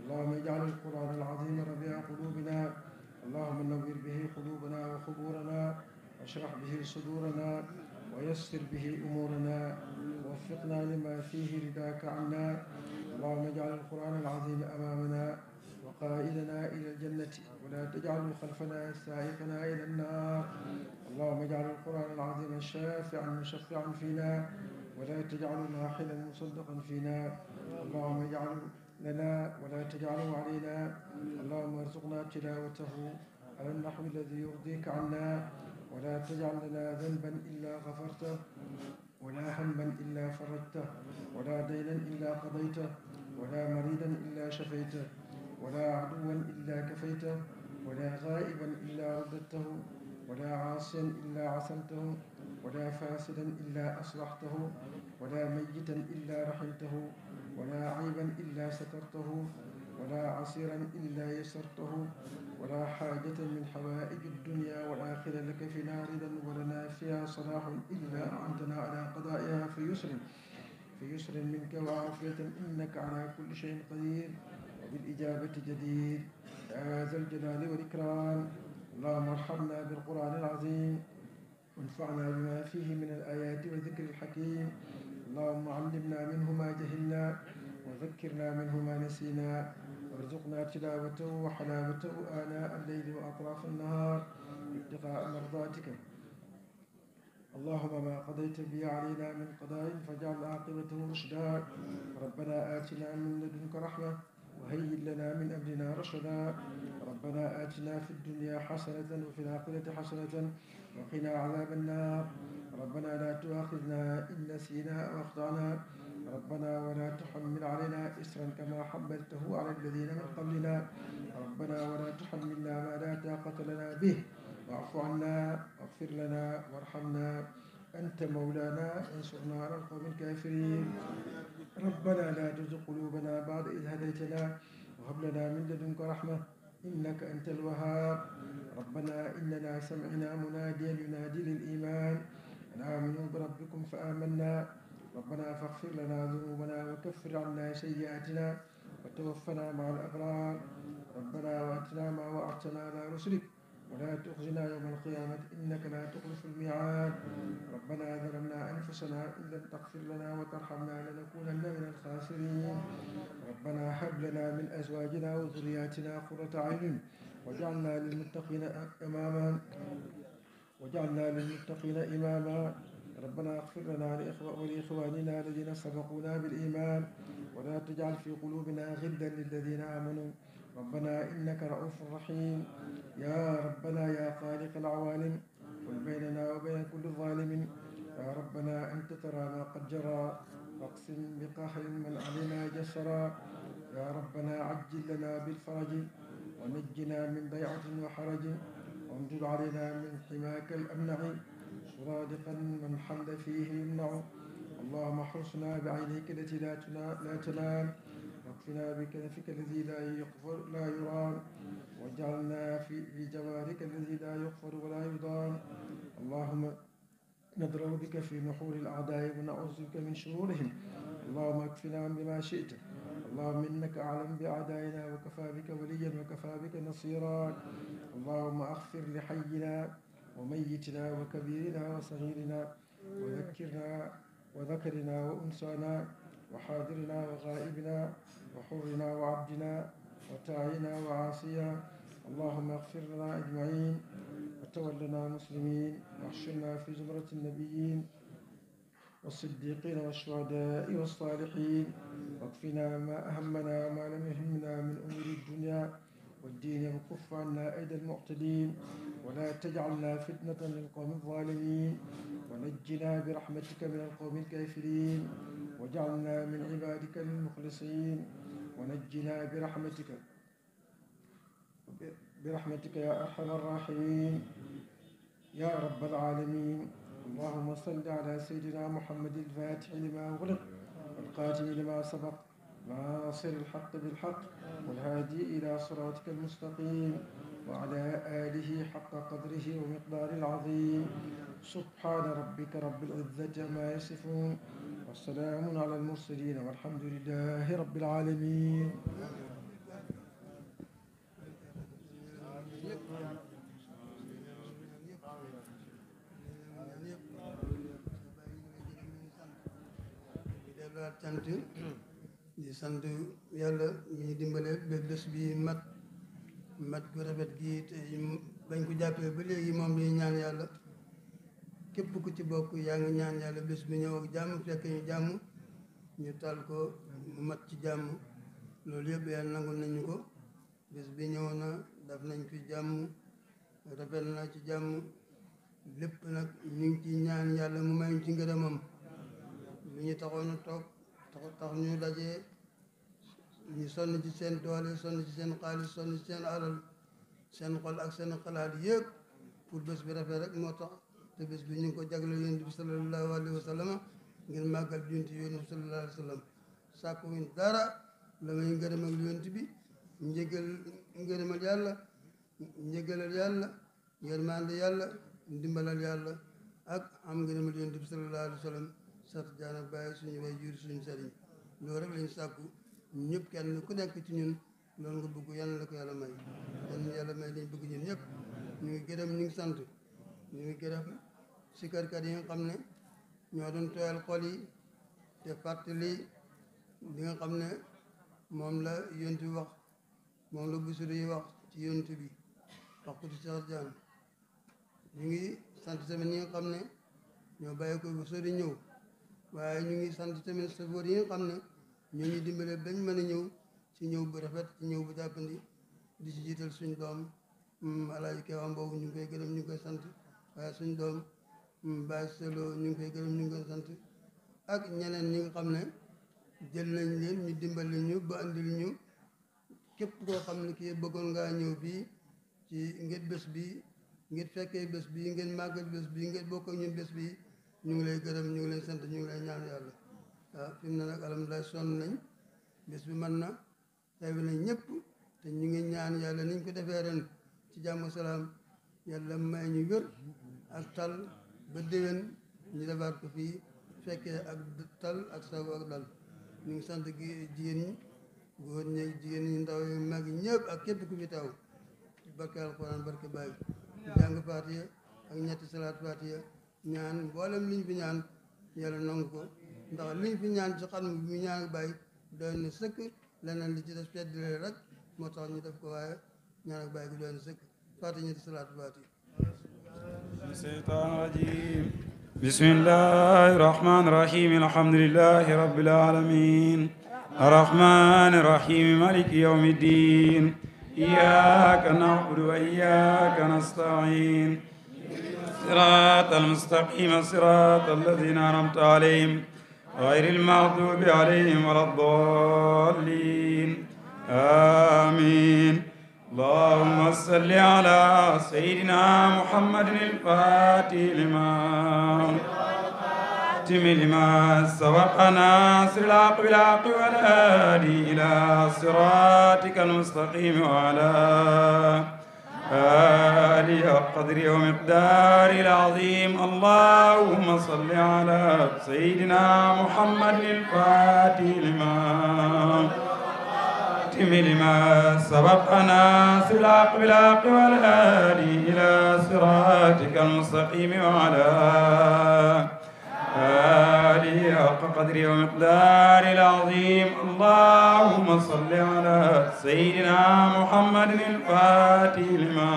اللهم اجعل القرآن العظيم ربيع قلوبنا اللهم نور به قلوبنا وخبورنا واشرح به صدورنا ويسر به أمورنا ووفقنا لما فيه رداك عنا اللهم اجعل القرآن العظيم أمامنا وقائدنا إلى الجنة ولا تجعل خلفنا سائقنا إلى النار اللهم اجعل القرآن العظيم شافعا مشفعا فينا ولا تجعل ناحلا مصدقا فينا اللهم اجعل لنا ولا تجعله علينا اللهم ارزقنا تلاوته على النحو الذي يرضيك عنا ولا تجعل لنا ذنبا إلا غفرته ولا هما إلا فرجته ولا دينا إلا قضيته ولا مريدا إلا شفيته ولا عدوا إلا كفيته ولا غائبا إلا رددته ولا عاصيا إلا عصمته ولا فاسدا إلا أصلحته ولا ميتا إلا رحمته ولا عيبا إلا سترته ولا عسيرا إلا يسرته ولا حاجة من حوائج الدنيا والآخرة لك في رضا ولنا فيها صلاح إلا أعنتنا على قضائها في يسر في يسر منك وعافية إنك على كل شيء قدير وبالإجابة جدير يا ذا الجلال والإكرام اللهم ارحمنا بالقرآن العظيم وانفعنا بما فيه من الآيات والذكر الحكيم اللهم علمنا منه ما جهلنا وذكرنا منه ما نسينا وارزقنا تلاوته وحلاوته آناء الليل وأطراف النهار ابتغاء مرضاتك اللهم ما قضيت به علينا من قضاء فاجعل عاقبته رشدا ربنا آتنا من لدنك رحمة وهيئ لنا من أمرنا رشدا ربنا آتنا في الدنيا حسنة وفي الآخرة حسنة وقنا عذاب النار ربنا لا تؤاخذنا إن نسينا أو أخطأنا ربنا ولا تحمل علينا إسرا كما حملته على الذين من قبلنا ربنا ولا تحملنا ما لا طاقة لنا به واعف عنا واغفر لنا وارحمنا أنت مولانا انصرنا على القوم الكافرين ربنا لا تزغ قلوبنا بعد إذ هديتنا وهب لنا من لدنك رحمة إنك أنت الوهاب ربنا إننا سمعنا مناديا ينادي للإيمان أن آمنوا بربكم فآمنا ربنا فاغفر لنا ذنوبنا وكفر عنا سيئاتنا وتوفنا مع الأبرار ربنا وأتنا ما وعدتنا على رسلك ولا تخزنا يوم القيامة إنك لا تخلف الميعاد ربنا ظلمنا أنفسنا إن لم تغفر لنا وترحمنا لنكونن من الخاسرين ربنا هب لنا من أزواجنا وذرياتنا قرة عين وجعلنا للمتقين إماما وجعلنا للمتقين إماما ربنا اغفر لنا ولإخواننا الذين سبقونا بالإيمان ولا تجعل في قلوبنا غلا للذين آمنوا ربنا إنك رؤوف رحيم يا ربنا يا خالق العوالم قل بيننا وبين كل ظالم يا ربنا أنت ترى ما قد جرى فاقسم بقهر من علينا جسرا يا ربنا عجل لنا بالفرج ونجنا من ضيعة وحرج وانزل علينا من حماك الأمنع صادقا من حل فيه يمنع اللهم احرسنا بعينيك التي لا لا تنام واكفنا بكنفك الذي لا يقفر لا يرام واجعلنا في جوارك الذي لا يقفر ولا يضام اللهم نضرب بك في نحور الأعداء ونعوذ بك من شرورهم اللهم اكفنا بما شئت اللهم إنك أعلم بأعدائنا وكفى بك وليا وكفى بك نصيرا اللهم اغفر لحينا وميتنا وكبيرنا وصغيرنا وذكرنا وذكرنا وأنسانا وحاضرنا وغائبنا وحرنا وعبدنا وتاعنا وعاصينا اللهم اغفر لنا أجمعين وتولنا مسلمين واحشرنا في زمرة النبيين والصديقين والشهداء والصالحين واكفنا ما أهمنا وما لم يهمنا من أمور الدنيا والدين وكف عنا أيدي المعتدين ولا تجعلنا فتنة للقوم الظالمين ونجنا برحمتك من القوم الكافرين وجعلنا من عبادك المخلصين ونجنا برحمتك برحمتك يا أرحم الراحمين يا رب العالمين اللهم صل على سيدنا محمد الفاتح لما أغلق والقاتل لما سبق ناصر الحق بالحق والهادي إلى صراطك المستقيم وعلى آله حق قدره ومقدار العظيم سبحان ربك رب العزة ما يصفون والسلام على المرسلين والحمد لله رب العالمين Thank you. di sant yàlla ñuy dimbale ba bés bi mat mat gu rabet gii te bañ ko jàppee ba léegi moom li ñaan yàlla képp ku ci bokk yaa ngi ñaan yàlla bés bi ñëw ak jàmm fekk ñu jàmm ñu tal ko mu mat ci jàmm loolu yëpp yàlla nangul nañu ko bés bi ñëw na daf nañ fi jàmm rabet na ci jàmm lépp nag ñu ngi ci ñaan yàlla mu may ci ngërëmam lu ñu taxoon a toog tax ñuy dajee ñu sonn ci seen doole sonn ci seen xaalis sonn ci seen alal seen xol ak seen xalaat yëpp pour bés bi rafet rek moo tax te bés bi ñu ngi ko jagleel yonent bi sallallahu alayhi wa sallam ngir màggal junti yonent bi sallallahu alayhi wa sallam sàkku wuñ dara la may ngërëmal bi njëgal ngërëmal yàlla njëgalal yàlla yërmande yàlla ndimbalal yàlla ak am ngërëmal yonent bi sallallahu alayhi wa sant jaan ak bàyyi suñu way jur suñu yi loolu rek lañu sàkku ñëpp kenn ku nekk ci ñun loolu nga bëgg yàlla la ko yàlla may yàlla yàlla may lañ bëgg ñun ñëpp ñu ngi gërëm ñu ngi sant ñu ngi gërëm sikarkat yi nga xam ne ñoo doon tooyal xol yi te fàttali li nga xam ne moom la yonent wax moom la busur wax ci yonent bi wax ko ci ñu ngi sant tamit ñi xam ne ñoo bàyyi ko bu sori ñëw waaye ñu ngi sant tamit safoor yi nga xam ne ñu ngi dimbale bañ mën a ñëw ci ñëw bu rafet ci ñëw bu jàppandi di ci jiital suñ doom mm, alaaji keewam boobu ñu ngi koy gërëm ñu ngi koy sant waaye suñ doom mm, baay seloo ñu ngi koy gërëm ñu ngi sant ak ñeneen ñi nga xam ne jël nañ leen ñu dimbali ñu ba andil ñu képp koo xam ne kii bëggoon ngaa ñëw fii ci ngeen bés bi ngeen fekkee bés bi ngeen màggal bés bi ngeen bokk ak ñun bés bi ñu ngi lay gërëm ñu ngi lay sant ñu ngi lay ñaan yàlla waaw ah, fi mu ne nag alhamdulilah sonn nañ bés bi mën na teew nañ ñëpp te ñu ngi ñaan yàlla niñ ko defee ren ci jàmm salaam yàlla may ñu wér ak tal ba déwén ñu defaat ko fii fekkee ak tal ak sago ak dal ñu ngi sant jigéen ñi góor jigéen ñi ndaw yi mag ñëpp ak képp ku fi taw barke alxuraan barke bàyyi jàng faatiya ak ñetti salaat faatiya ñaan mboolem liñ fi ñaan yàlla nangu ko ndax liñ fi ñaan ci xarnu bi mu ñaan bàyyi doy na sëkk leneen li ci des fedd leen rek moo tax ñu def ko waaye ñaan ak bàyyi gi doy na sëkk fàtte ñu di salaatu baati seytaan rajim bismillahi rahmani rahim alhamdulillahi rabbil alamin arrahmani rahim maliki yawmi ddin iyyaka na'budu wa iyyaka nasta'in الصراط المستقيم صراط الذين أنعمت عليهم غير المغضوب عليهم ولا الضالين آمين اللهم صل على سيدنا محمد الفاتح لما خاتم لما سبق ناصر العقل العقب والهادي إلى صراطك المستقيم وعلى آلي القدر ومقدار العظيم اللهم صل على سيدنا محمد الفاتح لما لما سبق ناس العقل بالعقل والآل إلى صراطك المستقيم وعلى آله حق قدره ومقداره العظيم اللهم صل على سيدنا محمد الفاتح لما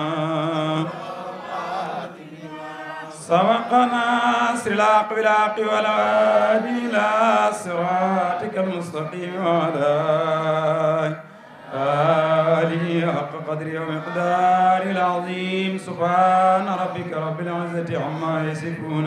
سبقنا سر العقب العقب والعادي إلى صراطك المستقيم وعلى آله حق قدره ومقداره العظيم سبحان ربك رب العزة عما يصفون